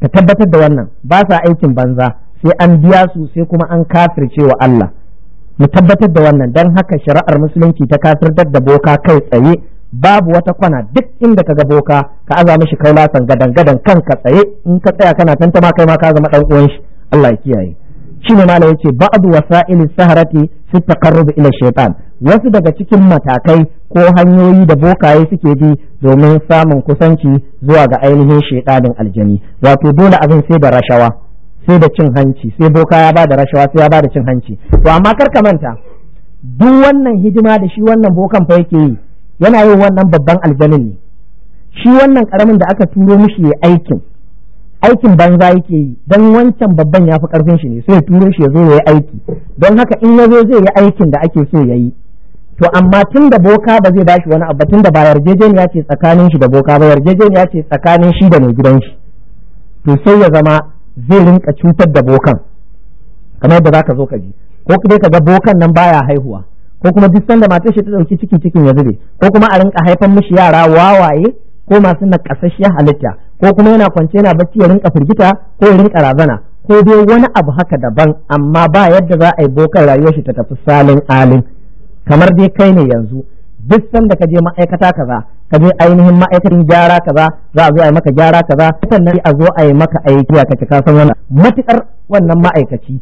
ka tabbatar da wannan ba sa aikin banza sai an biya su sai kuma an kafirce wa Allah mu tabbatar da wannan don haka shari'ar musulunci ta kafirtar da boka kai tsaye babu wata kwana duk inda ka ga boka ka aza mishi kaulasan gadan gadan ka tsaye in ka tsaya kana tantama kai ma ka zama dan uwan shi Allah ya kiyaye shi ne malam yace ba'du wasa'il saharati fi taqarrub ila shaytan wasu daga cikin matakai ko hanyoyi da bokaye suke bi domin samun kusanci zuwa ga ainihin shaytanin aljani wato dole abin sai da rashawa sai da cin hanci sai boka ya ba da rashawa sai ya bada cin hanci to amma kar ka manta duk wannan hidima da shi wannan bokan fa yake yi yana yin wannan babban aljanin ne shi wannan karamin da aka turo mishi ya aikin aikin banza yake yi don wancan babban ya fi karfin shi ne sai ya turo shi ya zo ya yi aiki don haka in ya zo zai yi aikin da ake so ya yi to amma tun da boka ba zai bashi wani abu tun da ba yarjejeniya ce tsakanin shi da boka ba yarjejeniya ce tsakanin shi da mai gidan shi to sai ya zama zai rinka cutar da bokan kamar yadda zaka zo ka ji ko kai ka ga bokan nan baya haihuwa ko kuma duk sanda matar shi ta dauki ciki cikin ya zube ko kuma a rinka haifan mishi yara wawaye ko masu nakasasshiyar halitta ko kuma yana kwance yana bacci ya rinka firgita ko ya rinka razana ko dai wani abu haka daban amma ba yadda za a yi bokan rayuwar shi ta tafi salin alin kamar dai kai ne yanzu duk sanda ka je ma'aikata kaza ka je ainihin ma'aikatan gyara kaza za a zo a yi maka gyara kaza sannan a zo a yi maka aiki a kace ka san wannan matukar wannan ma'aikaci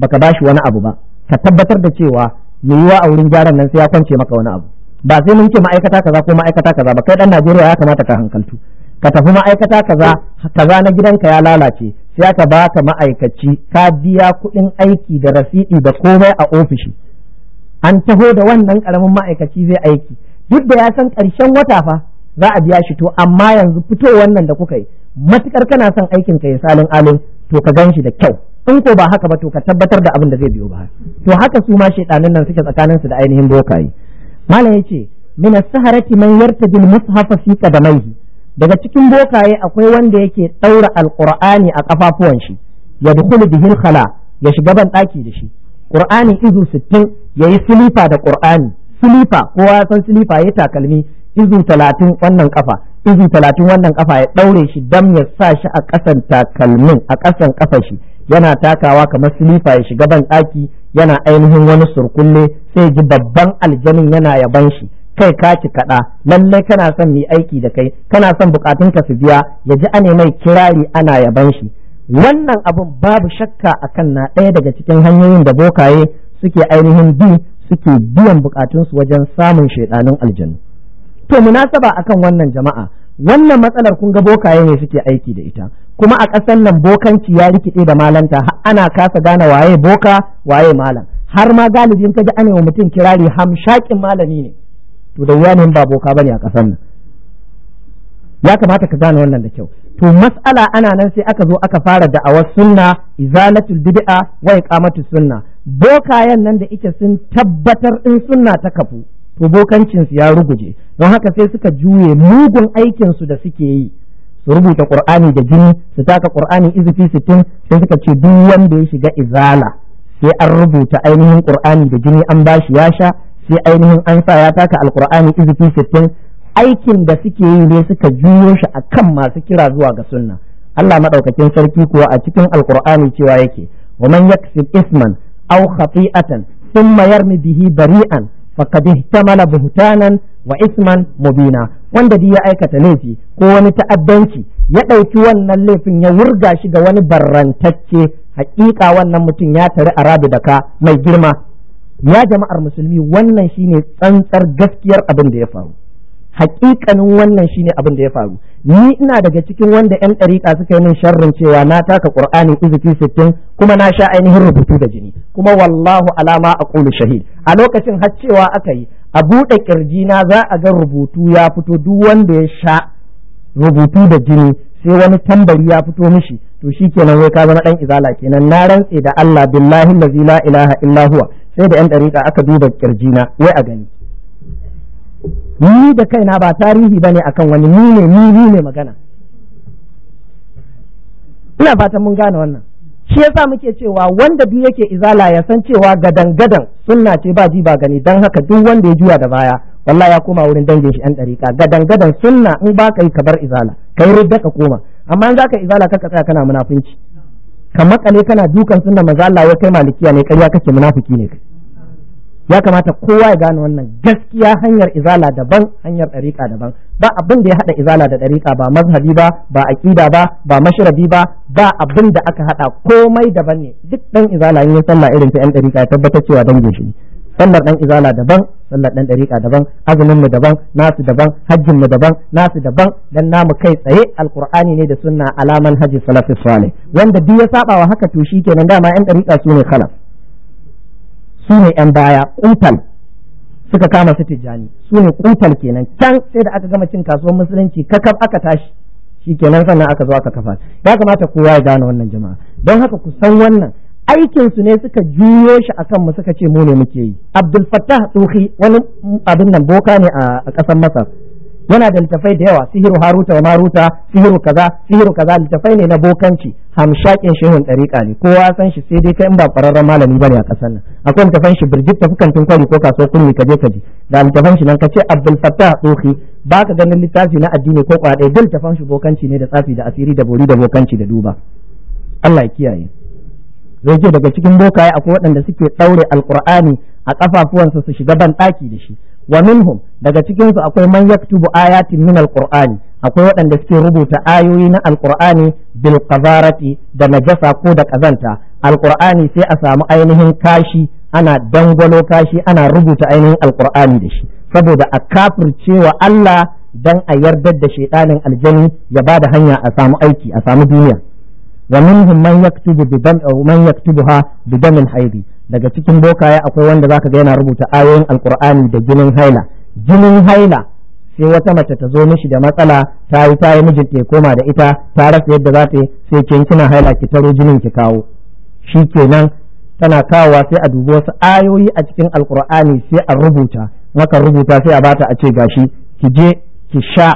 baka bashi wani abu ba ka tabbatar da cewa wa a wurin gyaran nan sai ya kwance maka wani abu ba sai mun ce ma'aikata kaza ko ma'aikata kaza ba kai dan Najeriya ya kamata ka hankaltu ka tafi ma'aikata kaza kaza na gidanka ya lalace sai aka baka ma'aikaci ka biya kuɗin aiki da rasidi da komai a ofishi an taho da wannan karamin ma'aikaci zai aiki duk da ya san ƙarshen wata fa za a biya shi to amma yanzu fito wannan da kuka yi matukar kana son aikin ka ya salin alin to ka gan shi da kyau in ko ba haka ba to ka tabbatar da abin da zai biyo ba to haka su ma shedanin nan suke tsakanin su da ainihin bokaye malam yace min as-saharati man yartaji al-mushafa fi qadamaihi daga cikin bokaye akwai wanda yake daura alqur'ani a kafafuwan shi yadkhulu bihi al-khala ya shiga ban daki da shi qur'ani izu 60 yayi silifa da qur'ani silifa kowa san silifa yayi takalmi izu 30 wannan kafa izu talatin wannan kafa ya daure shi dam ya sa shi a kasan takalmin a ƙasan ƙafa shi yana takawa kamar silifa ya shiga ban ɗaki yana ainihin wani surkulle sai ji babban aljanin yana yaban shi kai ka ki kaɗa lallai kana son yi aiki da kai kana son ka su biya ya ji ane mai kirari ana yaban shi wannan abun babu shakka akan na ɗaya daga cikin hanyoyin da bokaye suke ainihin bi suke biyan bukatunsu wajen samun shaidanun aljanu to munasaba akan wannan jama'a wannan matsalar kun ga bokaye ne suke aiki da ita kuma a ƙasar nan bokanci ya rikide da malanta ana kasa gane waye boka waye malam har ma galibin kaji ana wa mutum kirari hamshakin malami ne to da wuya ba boka bane a ƙasar nan ya kamata ka gane wannan da kyau to mas'ala ana nan sai aka zo aka fara da da'awar sunna izalatul bid'a wa iqamatus sunna bokayen nan da ike sun tabbatar in sunna ta kafu to bokancinsu ya ruguje don haka sai suka juye mugun aikinsu da suke yi su rubuta qur'ani da jini su taka qur'ani izifi sittin sai suka ce duk wanda ya shiga izala sai an rubuta ainihin qur'ani da jini an bashi ya sha sai ainihin an sa ya taka alqur'ani izifi sittin aikin da suke yi ne suka juyo shi akan masu kira zuwa ga sunna Allah madaukakin sarki kuwa a cikin alqur'ani cewa yake wa man yaksib isman aw khati'atan thumma yarmi bihi bari'an faqad ihtamala nan wa isman mubina wanda duk ya aikata laifi ko wani ta'addanci ya ɗauki wannan laifin ya wurga shi ga wani barrantacce hakika wannan mutum ya tare arabi da ka mai girma ya jama'ar musulmi wannan shine tsantsar gaskiyar abin da ya faru hakikanin wannan shine abin da ya faru ni ina daga cikin wanda yan ɗariƙa suka yi min sharrin cewa na taka qur'ani izifi sittin kuma na sha ainihin rubutu da jini kuma wallahu alama a kulu shahid a lokacin har cewa aka yi a buɗe ƙirji na za a ga rubutu ya fito duk wanda ya sha rubutu da jini sai wani tambari ya fito mishi to shi kenan wai ka zama ɗan izala kenan na rantse da Allah billahi la ilaha illa huwa sai da yan ɗariƙa aka duba kirji na wai a gani ni da kaina ba tarihi ba ne akan wani ni ne ni ni ne magana ina fatan mun gane wannan shi yasa muke cewa wanda duk yake izala ya san cewa gadan gadan sunna ce ba ji ba gani dan haka duk wanda ya juya da baya wallahi ya koma wurin dange shi an dariƙa gadan gadan sunna in ba kai ka bar izala kai ridda ka koma amma in zaka izala ka tsaya kana munafunci ka makale kana dukan sunna manzo Allah ya kai malikiya ne karya kake munafiki ne kai ya kamata kowa ya gane wannan gaskiya hanyar izala daban hanyar ɗariƙa daban ba abin da ya haɗa izala da ɗariƙa ba mazhabi ba ba aƙida ba ba mashrabi ba ba abin da aka haɗa komai daban ne duk ɗan izala in ya sallah irin ta 'yan ɗariƙa ya tabbatar cewa dan goshi sallar ɗan izala daban sallar ɗan ɗariƙa daban azumin mu daban nasu daban hajjin mu daban nasu daban dan namu kai tsaye alƙur'ani ne da sunna alaman hajji salafis salih wanda duk ya saba wa haka to shi kenan dama 'yan ɗariƙa su ne kala. su ne yan baya ƙutal suka kama su tijjani su ne kutal kenan can sai da aka gama cin kasuwar musulunci kakaf aka tashi shi kenan sannan aka zo aka kafa ya kamata kowa ya gane wannan jama'a don haka ku san wannan aikin su ne suka juyo shi akan mu suka ce mu ne muke yi Abdul Fattah Tsuhi wani abin nan boka ne a ƙasar Masar yana da littafai da yawa sihiru Haruta wa Maruta sihiru kaza sihiru kaza littafai ne na bokanci hamshakin shehun ɗariƙa ne kowa san shi sai dai kai in ba ƙwararren malami bane a ƙasar nan akwai littafan shi birgit kantin kwari ko kaso kunni ka je ka ji da littafan shi nan ka ce abdul fattah tsohi ba ka ganin littafi na addini ko kwaɗe duk littafan shi bokanci ne da tsafi da asiri da bori da bokanci da duba Allah ya kiyaye zai je daga cikin bokaye akwai waɗanda suke ɗaure alƙur'ani a ƙafafuwansa su shiga ban ɗaki da shi wa minhum daga cikin su akwai man yaktubu ayatin min alqur'ani akwai waɗanda suke rubuta ayoyi na alqur'ani bil qazarati da najasa ko da kazanta alqur'ani sai a samu ainihin kashi ana dangwalo kashi ana rubuta ainihin alqur'ani da shi saboda a kafircewa Allah dan a yardar da shaidanin aljani ya bada hanya a samu aiki a samu duniya ومنهم من يكتب yaktubu bi dam man yaktubuha bi daga cikin bokaye akwai wanda zaka ga yana rubuta ayoyin alqur'ani da jinin haila jinin haila sai wata mace ta zo mishi da matsala ta yi ta yi mijinta ya koma da ita ta rasa yadda za ta yi sai ke kina haila ki taro jinin ki kawo shi kenan tana kawowa sai a dubi wasu ayoyi a cikin alkur'ani sai a rubuta maka rubuta sai a bata a ce gashi ki je ki sha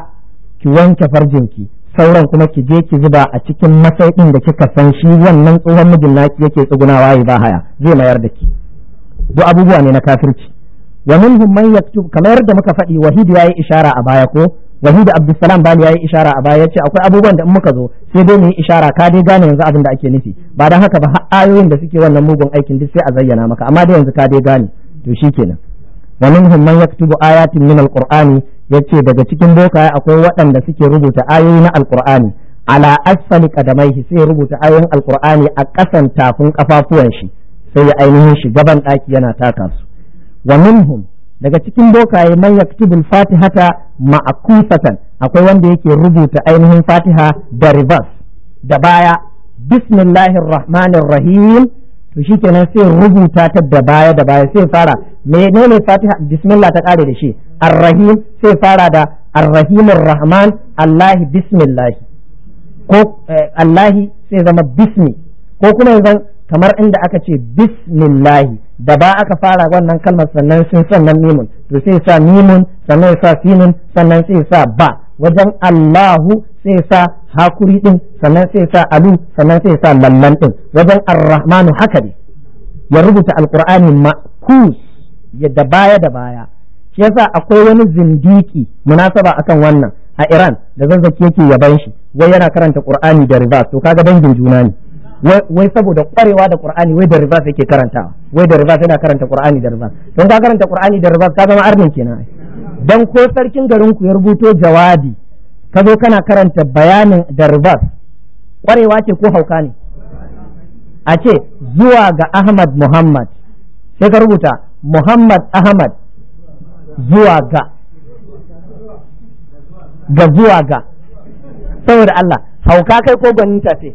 ki wanke farjinki sauran kuma ki je ki zuba a cikin masaukin da kika san shi wannan tsohon mijin naki yake tsugunawa ya ba haya zai mayar da ki duk abubuwa ne na kafirci wa minhum man yaktub kamar da muka faɗi wahid yayi ishara a baya ko wahid abdussalam ya yayi ishara a baya yace akwai abubuwan da in muka zo sai dai mu yi ishara ka dai gane yanzu abin da ake nufi ba dan haka ba ayoyin da suke wannan mugun aikin duk sai a zayyana maka amma dai yanzu ka dai gane to shikenan wa minhum man yaktubu ayatin min alqur'ani yace daga cikin bokaye akwai waɗanda suke rubuta ayoyi na alkur'ani ala asfali qadamaihi sai rubuta ayoyin alkur'ani a ƙasan tafin kafafuwan shi sai ya ainihin shi gaban ɗaki yana taka su wa minhum daga cikin bokaye man yaktubul fatihata ma'akufatan akwai wanda yake rubuta ainihin fatiha da reverse da baya bismillahir rahmanir rahim to shikenan sai rubuta ta da baya da baya sai fara menene fatiha bismillah ta kare da shi ar-rahim sai fara da ar-rahimur rahman allahi bismillah ko eh, allahi sai zama bismi ko kuma yanzu kamar inda aka ce bismillah da ba aka fara wannan kalmar sannan sun sannan mimun to sai sa mimun sannan sa sinun sannan sai sa ba wajen Allahu sai sa hakuri din sannan sai sa alu sannan sai sa lallan din wajen arrahmanu haka ne ya rubuta alqur'ani kus ya da baya da baya shi yasa akwai wani zindiki munasaba akan wannan a Iran da zazzaki yake yaban shi wai yana karanta Qur'ani da reverse to kaga dangin juna ne wai saboda kwarewa da Qur'ani wai da reverse yake karanta wai da reverse yana karanta Qur'ani da reverse don ka karanta Qur'ani da reverse ka zama arnin kenan dan ko sarkin garin ku ya rubuto jawabi ka zo kana karanta bayanin da reverse kwarewa ce ko hauka ne a ce zuwa ga Ahmad Muhammad sai ka rubuta Muhammad Ahmad zuwa ga ga zuwa ga saboda Allah hauka kai ko gwaninta ce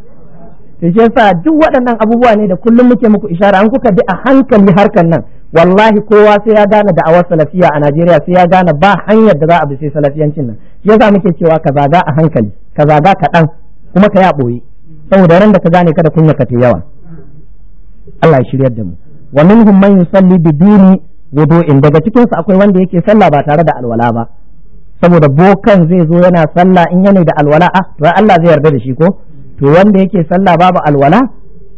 to shi yasa duk waɗannan abubuwa ne da kullum muke muku ishara an kuka bi a hankali harkan nan wallahi kowa sai ya gane da'awar salafiya a Najeriya sai ya gane ba hanyar da za a bi sai salafiyancin nan shi yasa muke cewa ka zaga a hankali ka zaga kaɗan kuma ka ya ɓoye saboda ran da ka gane kada kunya ka yawa Allah ya shiryar da mu wa minhum man yusalli biduni wudu'in daga cikin cikinsu akwai wanda yake sallah ba tare da alwala ba saboda bokan zai zo yana sallah in yana da alwala ah to Allah zai yarda da shi ko to wanda yake sallah babu alwala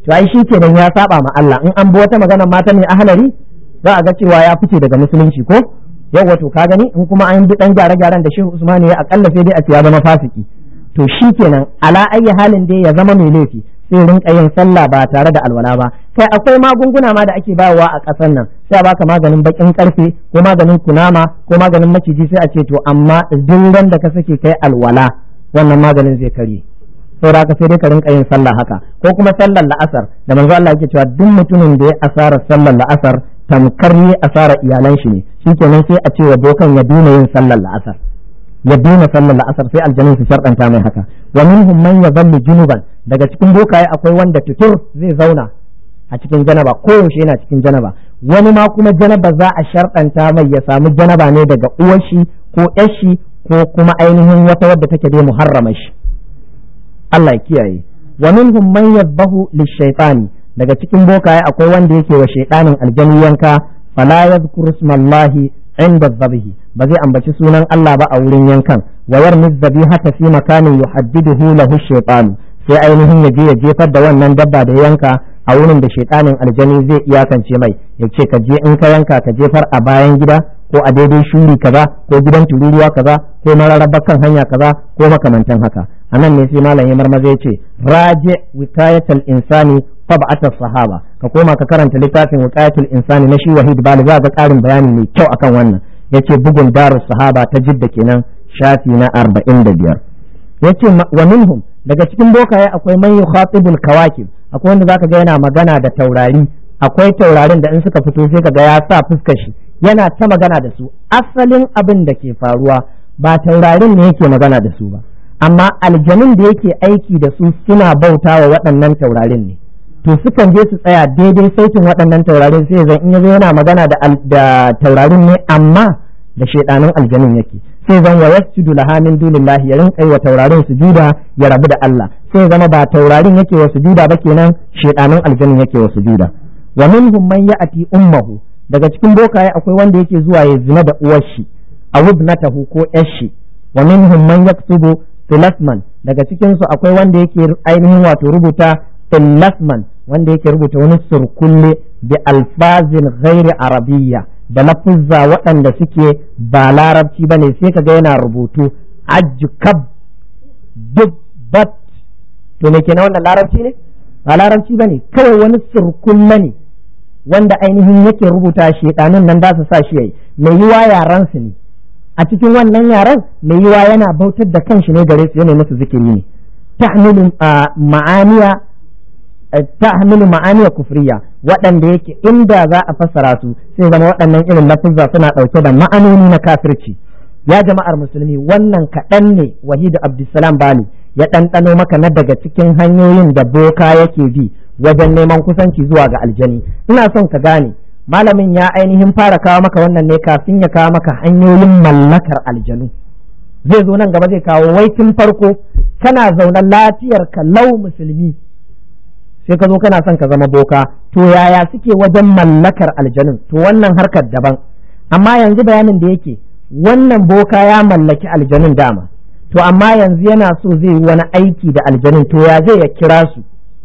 to ai shi kenan ya saba ma Allah in an bi wata magana mata ne ahlari za a ga cewa ya fice daga musulunci ko yawa to ka gani in kuma an bi dan gyare-gyaren da Shehu Usman ya akalla sai dai a ce ya zama fasiki to shi kenan ala ayi halin dai ya zama mai laifi sai rinka yin sallah ba tare da alwala ba kai akwai magunguna ma da ake bayarwa a ƙasar nan sai a baka maganin bakin karfe ko maganin kunama ko maganin maciji sai a ce to amma dingan da ka sake kai alwala wannan maganin zai kare saboda haka sai dai ka rinka yin sallah haka ko kuma sallar la'asar da manzo Allah yake cewa duk mutumin da ya asara sallar la'asar tamkar ne asara iyalan shi ne shikenan sai a ce wa dokan ya dina yin sallar la'asar ya dina sallar la'asar sai aljanin su sharɗanta mai haka wa minhum man yadhallu junuban daga cikin bokaye akwai wanda tutur zai zauna a cikin janaba koyaushe yana cikin janaba wani ma kuma janaba za a sharɗanta mai ya samu janaba ne daga uwarshi ko yashi ko kuma ainihin wata wadda take da muharrama shi Allah ya kiyaye wa minhum man yadbahu lishaytani daga cikin bokaye akwai wanda yake wa shaytanin aljanu yanka fala yadhkuru smallahi inda dhabihi ba zai ambaci sunan Allah ba a wurin yankan wa yarmi dhabihata fi makanin yuhaddiduhu lahu shaytanu sai ainihin ya je ya jefar da wannan dabba da yanka a wurin da shaitanin aljani zai iyakance mai ya ce ka je in ka yanka ka jefar a bayan gida ko a daidai shuri kaza ko gidan tururuwa kaza ko mararraba kan hanya kaza ko makamantan haka anan ne sai malam ya marmaza ya ce raje wikayatul insani tab'ata sahaba ka koma ka karanta littafin wiqayatul insani na shi wahid bali za ga karin bayani mai kyau akan wannan yace bugun darus sahaba ta jidda kenan shafi na 45 yace wa minhum daga cikin bokaye akwai man yukhatibul kawakib akwai wanda zaka ga yana magana da taurari akwai taurarin da in suka fito sai ka ga ya sa fuskar shi yana ta magana da su asalin abin da ke faruwa ba taurarin ne yake magana da su ba amma aljanun da yake aiki da su suna bauta wa waɗannan taurarin ne to sukan je su tsaya daidai sautin waɗannan taurarin sai zan in yazo yana magana da taurarin ne amma da shaiɗanin aljanun yake sai zan wa yasjudu laha ya rinka wa taurarin su sujuda ya rabu da Allah sai zama ba taurarin yake wa sujuda ba kenan shedanin aljannin yake wa sujuda wa minhum man ya'ti ummuhu daga cikin bokaye akwai wanda yake zuwa ya zina da uwar shi awibnatahu ko yar shi wa minhum man yaktubu tilasman daga cikin su akwai wanda yake ainihin wato rubuta tilasman wanda yake rubuta wani surkulle bi alfazin ghairi arabiyya da lafuzza waɗanda suke ba larabci bane sai kaga yana rubutu ajkab dubbat to me kenan wannan larabci ne ba larabci bane kawai wani surkulla ne wanda ainihin yake rubuta shedanin nan da su sa shi yayi mai yiwa yaran su ne a cikin wannan yaran mai yiwa yana bautar da kanshi ne gare su yana musu zikiri ne ta'milu ma'aniya ta'milu ma'aniya kufriya waɗanda yake inda za a fassara su sai zama waɗannan irin lafuzza suna ɗauke da ma'anoni na kafirci ya jama'ar musulmi wannan kaɗan ne wahidu abdulsalam bani. ya ɗanɗano maka na daga cikin hanyoyin da boka yake bi wajen neman kusanci zuwa ga aljani ina son ka gane malamin ya ainihin fara kawo maka wannan ne kafin ya kawo maka hanyoyin mallakar aljanu zai zo nan gaba zai kawo wai farko kana zaunan lafiyar ka lau musulmi sai ka zo kana son ka zama boka to yaya suke wajen mallakar aljanun to wannan harkar daban amma yanzu bayanin da yake wannan boka ya mallaki aljanun dama to amma yanzu yana so zai yi wani aiki da aljanin to ya zai ya kira su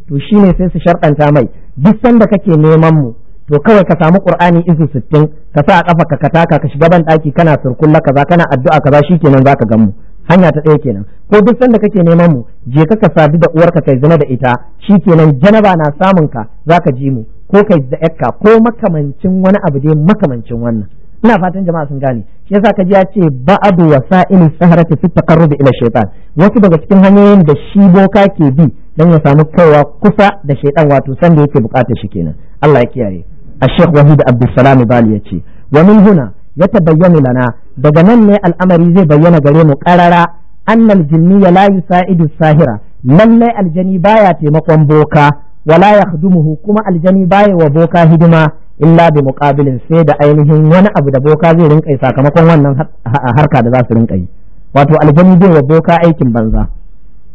to shine sai su sharɗanta mai duk sanda kake neman mu to kawai ka samu qur'ani izu sittin ka sa a kafa ka kataka ka shiga ban daki kana surkulla kaza kana addu'a kaza shikenan zaka gan mu hanya ta ɗaya kenan ko duk sanda kake neman mu je ka ka sadu da uwarka kai zina da ita shikenan janaba na samun ka zaka ji mu ko kai da yakka ko makamancin wani abu dai makamancin wannan ina fatan jama'a sun gane shi yasa kaji ya ce ba'adu wasa'il saharati fi taqarrub ila shaytan wasu daga cikin hanyoyin da shi boka ke bi dan ya samu kaiwa kusa da shaytan wato san da yake bukatar shi kenan Allah ya kiyaye Sheikh Wahid Abdulsalam Bali ce wa min huna yatabayyana lana daga nan ne al'amari zai bayyana gare mu karara annal jinniya la yusa'idu sahira lallai aljani baya taimakon boka wala yakhdumuhu kuma aljani baya wa boka hidima illa bi muqabilin sai da ainihin wani abu da boka zai rinka yi sakamakon wannan harka da za su rinka yi wato aljani zai wa boka aikin banza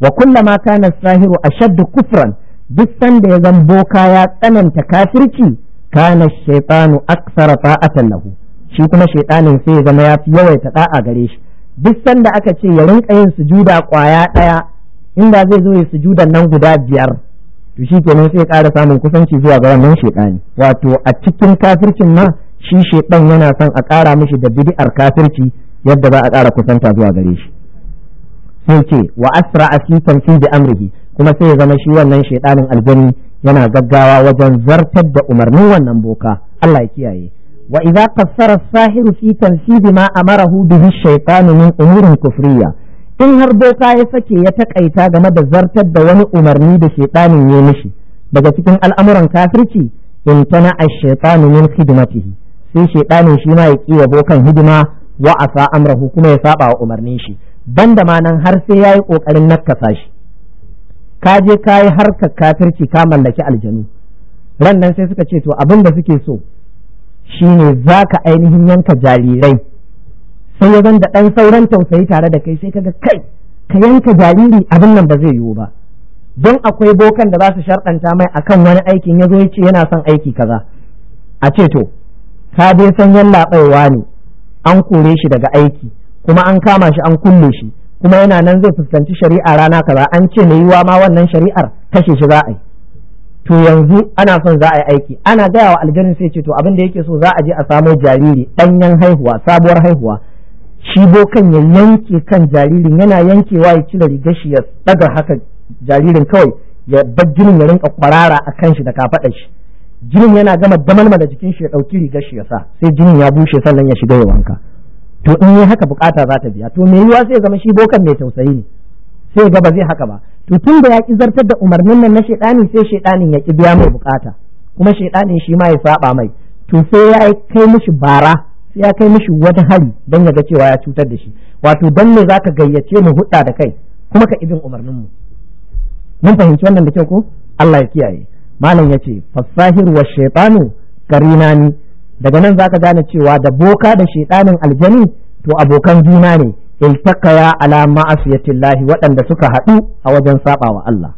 wa kullama kana sahiru ashaddu kufran duk sanda ya zan boka ya tsananta kafirci kana shaytanu aksara ta'atan lahu shi kuma shaytanin sai ya zama ya fi yawaita da'a gare shi duk sanda aka ce ya rinka yin sujuda kwaya daya inda zai zo ya sujudan nan guda biyar to shi kenan sai ƙara samun kusanci zuwa ga wannan shedani wato a cikin kafircin na shi shedan yana son a ƙara mishi da bid'ar kafirci yadda za a ƙara kusanta zuwa gare shi sai ce wa asra asisan fi bi amrihi kuma sai ya zama shi wannan shedanin aljani yana gaggawa wajen zartar da umarnin wannan boka Allah ya kiyaye wa idza qassara as-sahiru fi tanfizi ma amarahu bihi ash-shaytanu min umurin kufriyya in har boka ya sake ya takaita game da zartar da wani umarni da shaitanin ya mishi daga cikin al'amuran kafirci in tana a shaytanu min khidmatihi sai shaitanin shi ma ya yabo bokan hidima wa asa amrahu kuma ya saba wa umarnin shi banda ma nan har sai yayi kokarin nakasa shi ka je ka yi harkar kafirci ka mallaki aljanu ran nan sai suka ce to abin da suke so shine zaka ainihin yanka jarirai sai ya zan da ɗan sauran tausayi tare da kai sai kaga kai ka yanka jariri abin nan ba zai yiwu ba don akwai bokan da za su sharɗanta mai akan wani aikin ya zo ya ce yana son aiki kaza a ce to ka dai san yallaɓaiwa ne an kore shi daga aiki kuma an kama shi an kulle shi kuma yana nan zai fuskanci shari'a rana kaza an ce mai yiwa ma wannan shari'ar kashe shi za a yi to yanzu ana son za a yi aiki ana gaya wa aljanin sai ce to abin da yake so za a je a samo jariri ɗanyen haihuwa sabuwar haihuwa shi bokan ya yanke kan jaririn yana yankewa ya cire rigar shi ya daga haka jaririn kawai ya bar jinin ya rinka kwarara a kan shi da faɗa shi jinin yana gama da jikin shi ya ɗauki rigar shi ya sa sai jinin ya bushe sannan ya shiga ya wanka to in yi haka bukata za ta biya to me yiwa sai ya zama shi bokan mai tausayi ne sai ga ba zai haka ba to tun da ya ki zartar da umarnin nan na shaidani sai shaidanin ya ki biya mai bukata kuma shaidanin shi ma ya saba mai to sai ya kai mishi bara sai ya kai mishi wata hari don ya ga cewa ya cutar da shi wato don za zaka gayyace mu hudda da kai kuma ka ibin umarnin mu mun fahimci wannan da kyau ko Allah ya kiyaye malam yace fasahir wa shaytanu karinani daga nan zaka gane cewa da boka da shaytanin aljani to abokan juna ne iltakaya ala ma'asiyatillahi waɗanda suka haɗu a wajen sabawa Allah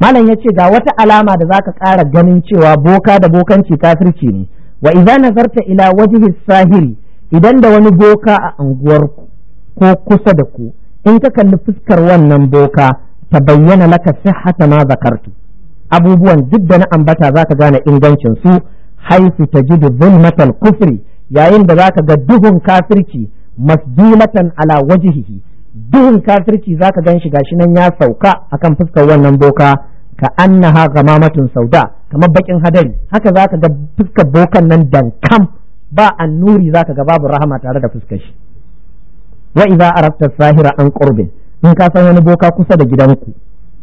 malam yace ga wata alama da zaka ƙara ganin cewa boka da bokanci kafirci ne wa idza nazarta ila wajhi sahiri idan da wani boka a anguwarku ko kusa da ku in ka kalli fuskar wannan boka ta bayyana laka sihhata ma zakartu abubuwan duk da na ambata zaka gane ingancin su haifu tajidu zulmatal kufri yayin da zaka ga duhun kafirci masdilatan ala wajhihi duhun kafirci zaka gan shi gashi nan ya sauka akan fuskar wannan boka ka annaha gamamatun sauda kamar bakin hadari haka zaka ga fuskar bokan nan dankam ba annuri zaka ga babu rahama tare da fuskar shi wa idza arafta sahira an qurbin in ka san wani boka kusa da gidanku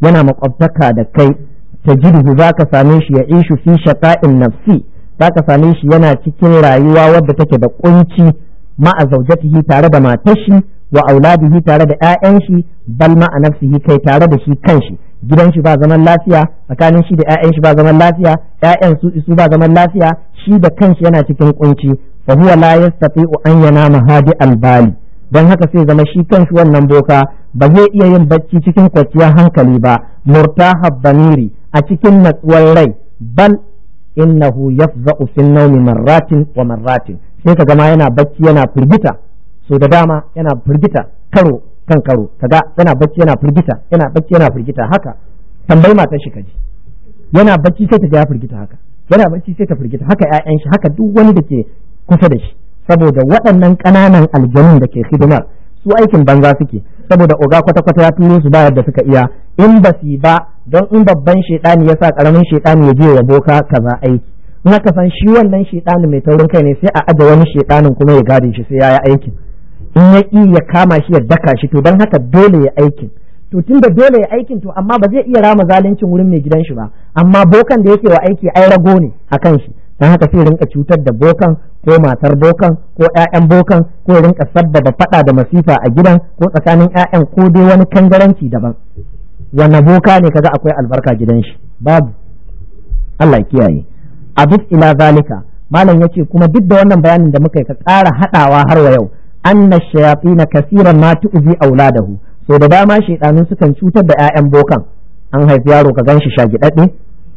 yana makwabtaka da kai za zaka same shi ya ishu fi shaqa'in nafsi zaka same shi yana cikin rayuwa wadda take da kunci ma'a zaujatihi tare da matar shi wa auladihi tare da 'ya'yan shi bal ma'a nafsihi kai tare da shi kanshi gidan shi ba zaman lafiya tsakanin shi da 'ya'yan shi ba zaman lafiya 'ya'yan su isu ba zaman lafiya shi da kanshi yana cikin kunci fa huwa la yastati'u an yanama hadi albali dan haka sai zama shi kanshi wannan boka ba zai iya yin bacci cikin kwanciyar hankali ba murtaha baniri a cikin natsuwar rai bal innahu yafza'u fin nawmi marratin wa marratin sai ka gama yana bacci yana firgita so da dama yana firgita karo kan karo kaga yana bacci yana firgita yana bacci yana firgita haka tambayi matar shi kaji yana bacci sai ta ga firgita haka yana bacci sai ta firgita haka ƴaƴan shi haka duk wani da ke kusa da shi saboda waɗannan ƙananan aljanun da ke hidimar su aikin banza suke saboda oga kwata-kwata ya turo su bayar da suka iya in ba su ba don in babban shaidani ya sa karamin shaidani ya je ya boka kaza aiki in aka san shi wannan shaidani mai taurin kai ne sai a aje wani shaidanin kuma ya gade shi sai ya yi aikin in ya ƙi ya kama shi ya daka shi to don haka dole ya aikin to tun da dole ya aikin to amma ba zai iya rama zaluncin wurin mai gidan shi ba amma bokan da yake wa aiki ai rago ne akan shi don haka sai rinka cutar da bokan ko matar bokan ko ƴaƴan bokan ko rinka sabbaba faɗa da masifa a gidan ko tsakanin ƴaƴan ko dai wani kangaranci daban wanne boka ne kaga akwai albarka gidan shi babu Allah kiyaye a duk ila zalika malam yace kuma duk da wannan bayanin da muka yi ka kara haɗawa har wa yau anna shayatin kasiran ma tu'zi auladahu so da dama shaytanu sukan cutar da ƴaƴan bokan an haifi yaro ka ganshi shagidadde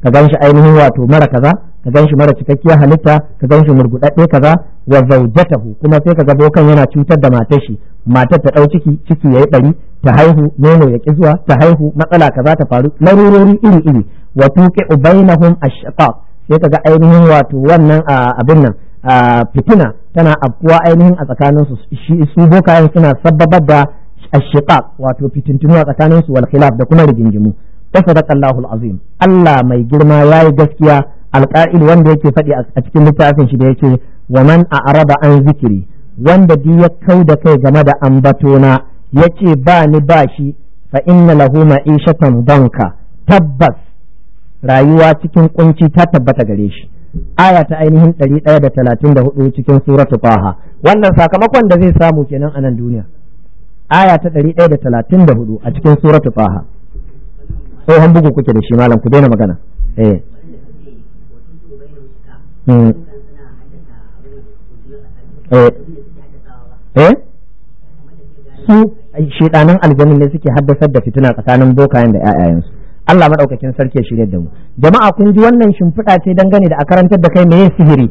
ka ganshi ainihin wato mara kaza ka ganshi mara cikakkiyar halitta ka ganshi murgudadde kaza wa zawjatahu kuma sai kaga bokan yana cutar da matar shi matar ta dau ciki ciki yayi dari ta haihu nono ya kizuwa ta haihu matsala kaza ta faru larurori iri iri wa tuqi bainahum ashqaq sai kaga ainihin wato wannan ah, abin nan fitina tana afkuwa ainihin a tsakanin su su bokayen suna sabbabar da ashiqaq wato fitintinu a tsakanin su wal khilaf da kuma rigingimu tasadaqallahu alazim Allah mai girma yayi gaskiya alqa'il wanda yake faɗi a cikin littafin shi da yake wa man a'rada an zikiri wanda duk ya kau da kai game da ambatona yace ba ni ba shi fa inna lahu ma'ishatan danka tabbas rayuwa cikin kunci ta tabbata gare shi aya ta ainihin 134 cikin suratu Taha wannan sakamakon da zai samu kenan a nan duniya aya ta 134 a cikin suratu Taha tsohon bugu kuke da shi malam ku daina magana eh hmm. eh. eh su shedanan ne suke haddasar da fitina tsakanin bokayen da 'ya'yayensu Allah madaukakin sarki ya shirya da mu jama'a kun ji wannan shimfiɗa ce dangane da a karantar da kai meye sihiri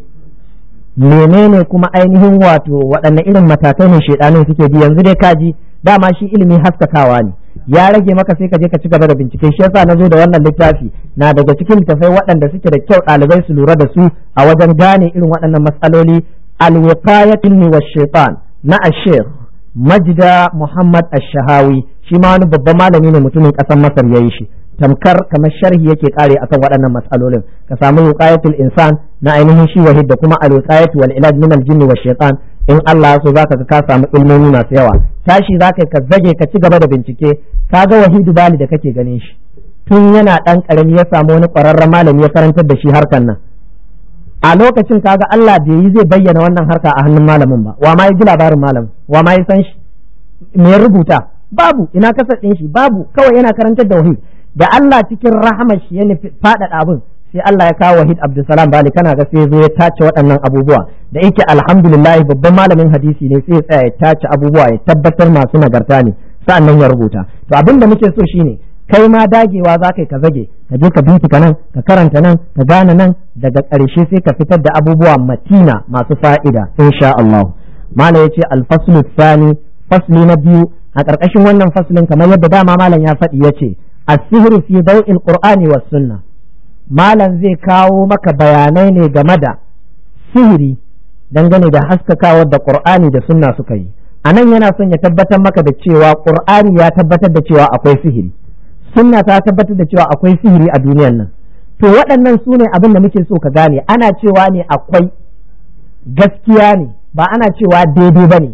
menene kuma ainihin wato waɗanne irin matakai ne shedanin suke bi yanzu dai kaji dama shi ilimi haskakawa ne ya rage maka sai ka je ka ci gaba da bincike shi yasa na zo da wannan littafi na daga cikin tafai waɗanda suke da kyau ɗalibai su lura da su a wajen gane irin waɗannan matsaloli alwiqayatin wa shaitan na ashir majida muhammad Ashahawi shi ma wani babban malami ne mutumin ƙasar masar yayi shi tamkar kamar sharhi yake kare akan waɗannan matsalolin ka samu wiqayatul insan na ainihin shi wahid da kuma alwiqayatu wal ilaj min al jinni shaytan in Allah ya so zaka ka samu ilmomi masu yawa tashi zaka ka zage ka ci gaba da bincike kaga wahidu bali da kake ganin shi tun yana dan karami ya samu wani ƙwararren malami ya karantar da shi harkan nan a lokacin kaga Allah bai yi zai bayyana wannan harka a hannun malamin ba wa ma ya ji labarin malamin wa ma ya san shi me rubuta babu ina kasar shi babu kawai yana karantar da wahid da Allah cikin rahama shi ya nufi faɗaɗa abin sai Allah ya kawo Wahid Abdulsalam Bali kana ga sai zo ya tace waɗannan abubuwa da yake alhamdulillah babban malamin hadisi ne sai ya tsaya ya tace abubuwa ya tabbatar masu nagarta ne sa'annan ya rubuta to abin da muke so shine kai ma dagewa za ka ka zage ka je ka bincika nan ka karanta nan ka gane nan daga ƙarshe sai ka fitar da abubuwa matina masu fa'ida insha Allah malam yace al-faslu thani fasli na biyu a ƙarƙashin wannan faslin kamar yadda dama malam ya faɗi yace A sihiri fi daw'il ƙur'ani wa sunna malam zai kawo maka bayanai ne game da sihiri dangane da haskakawar da ƙur'ani da sunna suka yi anan yana son ya tabbatar maka da cewa ƙur'ani ya tabbatar da cewa akwai sihiri sunna ta tabbatar da cewa akwai sihiri a duniyar nan to waɗannan su ne abin da muke so ka gane ana cewa ne akwai gaskiya ne ba ana cewa daidai ba ne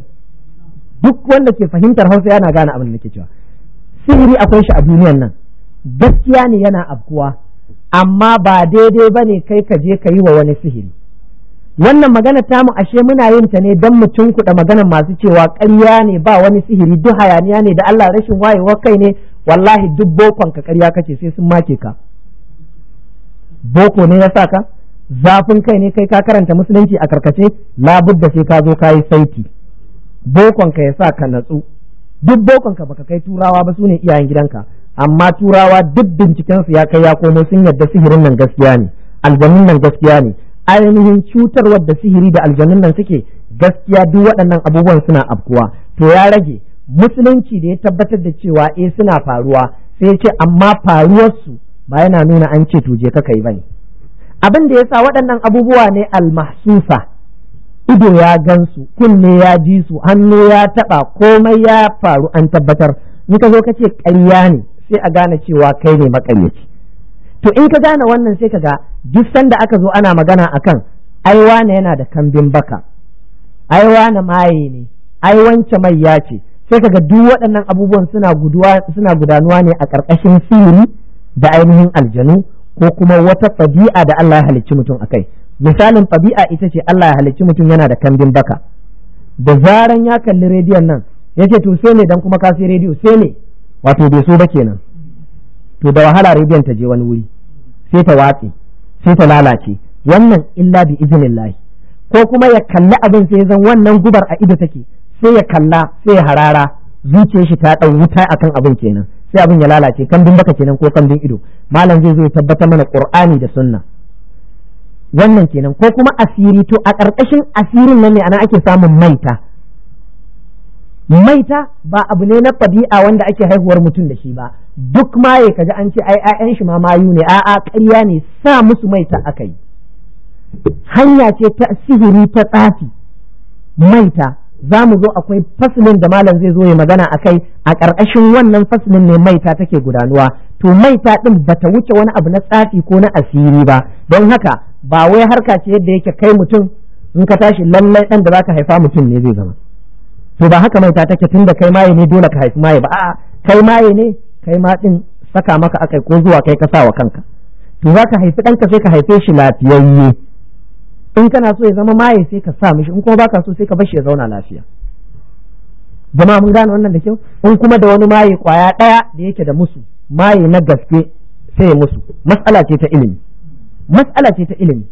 duk wanda ke fahimtar hausa yana gane abin da nake cewa sihiri akwai shi a duniyar nan gaskiya ne yana afkuwa amma ba daidai ba ne kai ka je ka yi wa wani sihiri wannan magana tamu ashe muna yin ta ne don mutum kuɗa maganan masu cewa ƙarya ne ba wani sihiri duk hayaniya ne da Allah rashin wayewar kai ne wallahi duk bokon ka ƙarya kace sai sun make ka boko ne ya sa ka zafin kai ne kai ka karanta musulunci a karkace labudda sai ka zo ka yi saiti bokon ka ya sa ka natsu duk bokonka baka kai turawa ba sune iyayen gidanka amma turawa duk bincikensu ya kai ya komo sun yadda sihirin nan gaskiya ne aljanun nan gaskiya ne ainihin cutarwar da sihiri da aljanun nan suke gaskiya duk waɗannan abubuwan suna afkuwa to ya rage musulunci da ya tabbatar da cewa eh suna faruwa sai ce amma faruwarsu ba yana nuna an ce to je ka kai bane abin da yasa waɗannan abubuwa ne almahsusa ido ya gansu kunne ya ji su hannu ya taɓa komai ya faru an tabbatar in ka zo ka ce ƙarya ne sai a gane cewa kai ne maƙaryaci to in ka gane wannan sai ka ga duk sanda aka zo ana magana akan ai wane yana da kambin baka ai wane maye ne ai wance ya ce sai ka ga duk waɗannan abubuwan suna suna gudanuwa ne a ƙarƙashin sihiri da ainihin aljanu ko kuma wata fadi'a da Allah ya halicci mutum akai misalin tabi'a ita ce Allah ya halicci mutum yana da kambin baka da zaran ya kalli rediyon nan yace to sai ne dan kuma ka rediyo sai ne wato bai so ba kenan to da wahala rediyon ta je wani wuri sai ta watse sai ta lalace wannan illa bi iznillahi ko kuma ya kalli abin sai zan wannan gubar a ido take sai ya kalla sai ya harara zuciyar shi ta ɗau wuta akan abin kenan sai abin ya lalace kambin baka kenan ko kambin ido malam zai zo ya tabbatar mana qur'ani da sunna wannan kenan ko kuma asiri to a ƙarƙashin asirin nan ne ana ake samun maita maita ba abu ne na ɗabi'a wanda ake haihuwar mutum da shi ba duk maye kaji an ce ai 'ya'yan shi ma mayu ne a'a ƙarya ne sa musu maita aka yi hanya ce ta sihiri ta tsafi maita za mu zo akwai fasilin da malam zai zo ya magana a kai a ƙarƙashin wannan fasilin ne maita take gudanuwa to maita ɗin ba ta wuce wani abu na tsafi ko na asiri ba don haka ba wai harka ce yadda yake kai mutum in ka tashi lallai ɗan da zaka haifa mutum ne zai zama to ba haka mai ta take tun da kai maye ne dole ka haifi maye ba a kai maye ne kai ma din saka maka akai ko zuwa kai ka sa wa kanka to zaka haifi ɗanka sai ka haife shi lafiyayye in kana so ya zama maye sai ka sa mishi in kuma baka so sai ka bar shi ya zauna lafiya jama'a mun gane wannan da kyau in kuma da wani maye kwaya ɗaya da yake da musu maye na gaske sai ya musu matsala ce ta ilimi matsala ce ta ilimi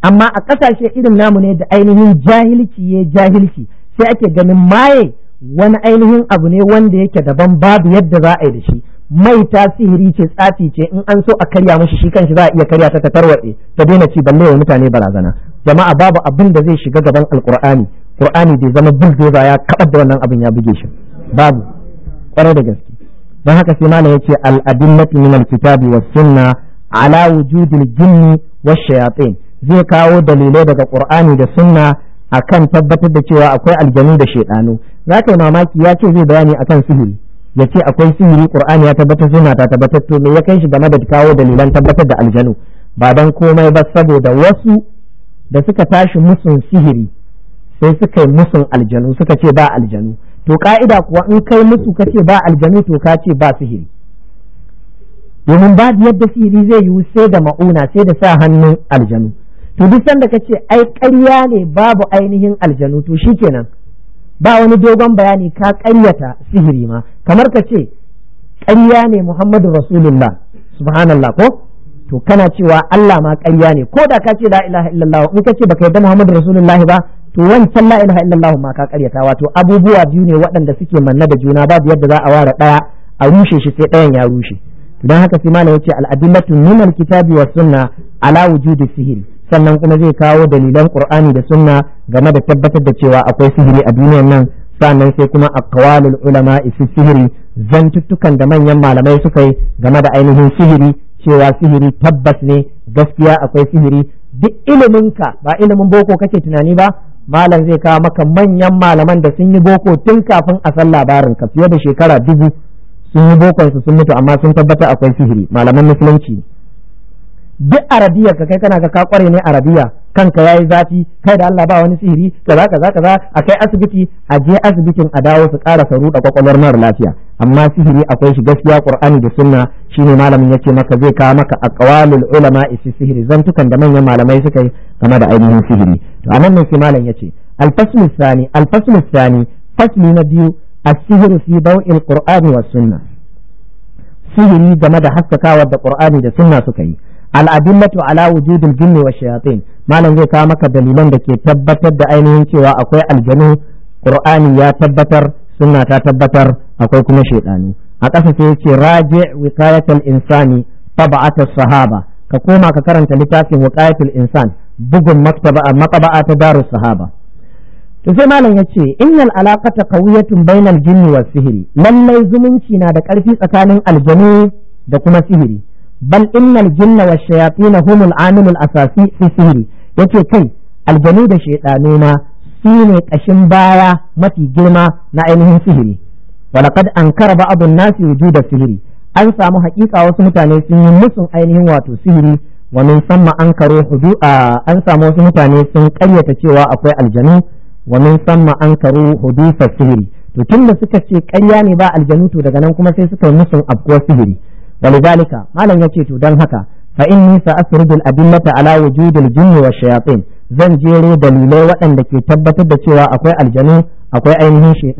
amma a ƙasashe irin namu ne da ainihin jahilci ya jahilci sai ake ganin maye wani ainihin abu ne wanda yake daban babu yadda za a yi da shi mai tasiri ce tsafi ce in an so a karya mashi shi kanshi za a iya karya ta ta tarwatse ta daina ci balle wa mutane barazana jama'a babu abin da zai shiga gaban alkur'ani qur'ani bai zama bulldoza ya kabar da wannan abin ya buge shi babu kwarai da gaske don haka sai malam yace al adillatu min al kitabi was sunna ala wujudil jinni wa shayatin zai kawo dalilai daga qur'ani da sunna akan tabbatar da cewa akwai aljanu da shaidanu za ka mamaki ya ce zai bayani akan sihiri ya ce akwai sihiri qur'ani ya tabbatar sunna ta tabbatar to me ya kai shi game da kawo dalilan tabbatar da aljanu ba dan komai ba saboda wasu da suka tashi musun sihiri sai suka yi musun aljanu suka ce ba aljanu to ka'ida kuwa in kai musu kace ba aljanu to kace ba sihiri domin babu yadda sihiri zai yiwu sai da ma'una sai da sa hannun aljanu to duk sanda ka ce ai ƙarya ne babu ainihin aljanu to shikenan ba wani dogon bayani ka ƙaryata sihiri ma kamar ka ce ƙarya ne Muhammadu Rasulullah subhanallah ko to kana cewa Allah ma ƙarya ne ko da ka ce la ilaha illallah in ka ce baka yarda Muhammadu Rasulullah ba to wancan la ilaha illallah ma ka ƙaryata wato abubuwa biyu ne waɗanda suke manna da juna babu yadda za a ware ɗaya a rushe shi sai ɗayan ya rushe don haka sai malam yace al-adillatu min al-kitabi was sunna ala wujudi sihiri sannan kuma zai kawo dalilan qur'ani da sunna game da tabbatar da cewa akwai sihiri a duniyar nan sannan sai kuma aqwalul ulama fi sihiri zantuttukan da manyan malamai suka yi game da ainihin sihiri cewa sihiri tabbas ne gaskiya akwai sihiri duk iliminka ba ilimin boko kake tunani ba malam zai kawo maka manyan malaman da sun yi boko tun kafin a san labarin ka fiye da shekara dubu sun yi bokon sun mutu amma sun tabbata akwai sihiri malaman musulunci duk arabiyar ka kai kana ga ka kware ne arabiya kanka yayi zafi kai da Allah ba wani sihiri kaza kaza za a kai asibiti a je asibitin a dawo su ƙara saru da kwakwalwar mara lafiya amma sihiri akwai shi gaskiya qur'ani da sunna shine malamin yace maka zai kawo maka aqwalul ulama isi sihiri zantukan da manyan malamai suka yi game da ainihin sihiri to anan nan sai malam yace al-faslu thani al-faslu fasli na biyu السهر في ضوء القرآن والسنة sihiri game da haskakawa da Qur'ani da sunna suka yi al'adillatu ala wujudil jinni wa shayatin malam zai kawo maka dalilan da ke tabbatar da ainihin cewa akwai aljanu Qur'ani ya tabbatar sunna ta tabbatar akwai kuma shaidanu a ƙasa sai yace raje wiqayatul insani tab'at sahaba ka koma ka karanta littafin wiqayatul insan bugun maktaba ta darus sahaba to sai malam yace innal alaqata qawiyatun bainal jinni was sihiri lallai zumunci na da ƙarfi tsakanin aljanu da kuma sihiri bal innal jinna was shayatin humul amilul asasi fi sihiri yace kai aljanu da shaytanu ma su ne kashin baya mafi girma na ainihin sihiri walaqad ankara ba'dun nasi wujuda sihiri an samu haƙiƙa wasu mutane sun yi musun ainihin wato sihiri wa min samma ankaru hudu an samu wasu mutane sun ƙaryata cewa akwai aljanu wa min samma ankaru hudufa sihiri to tun da suka ce ƙarya ne ba aljanu to daga nan kuma sai suka yi musun abkuwar sihiri walidhalika malam ya ce to don haka fa in inni sa'asrudul adillata ala wujudil jinni wa shayatin zan jere dalilai waɗanda ke tabbatar da cewa akwai aljanu akwai ainihin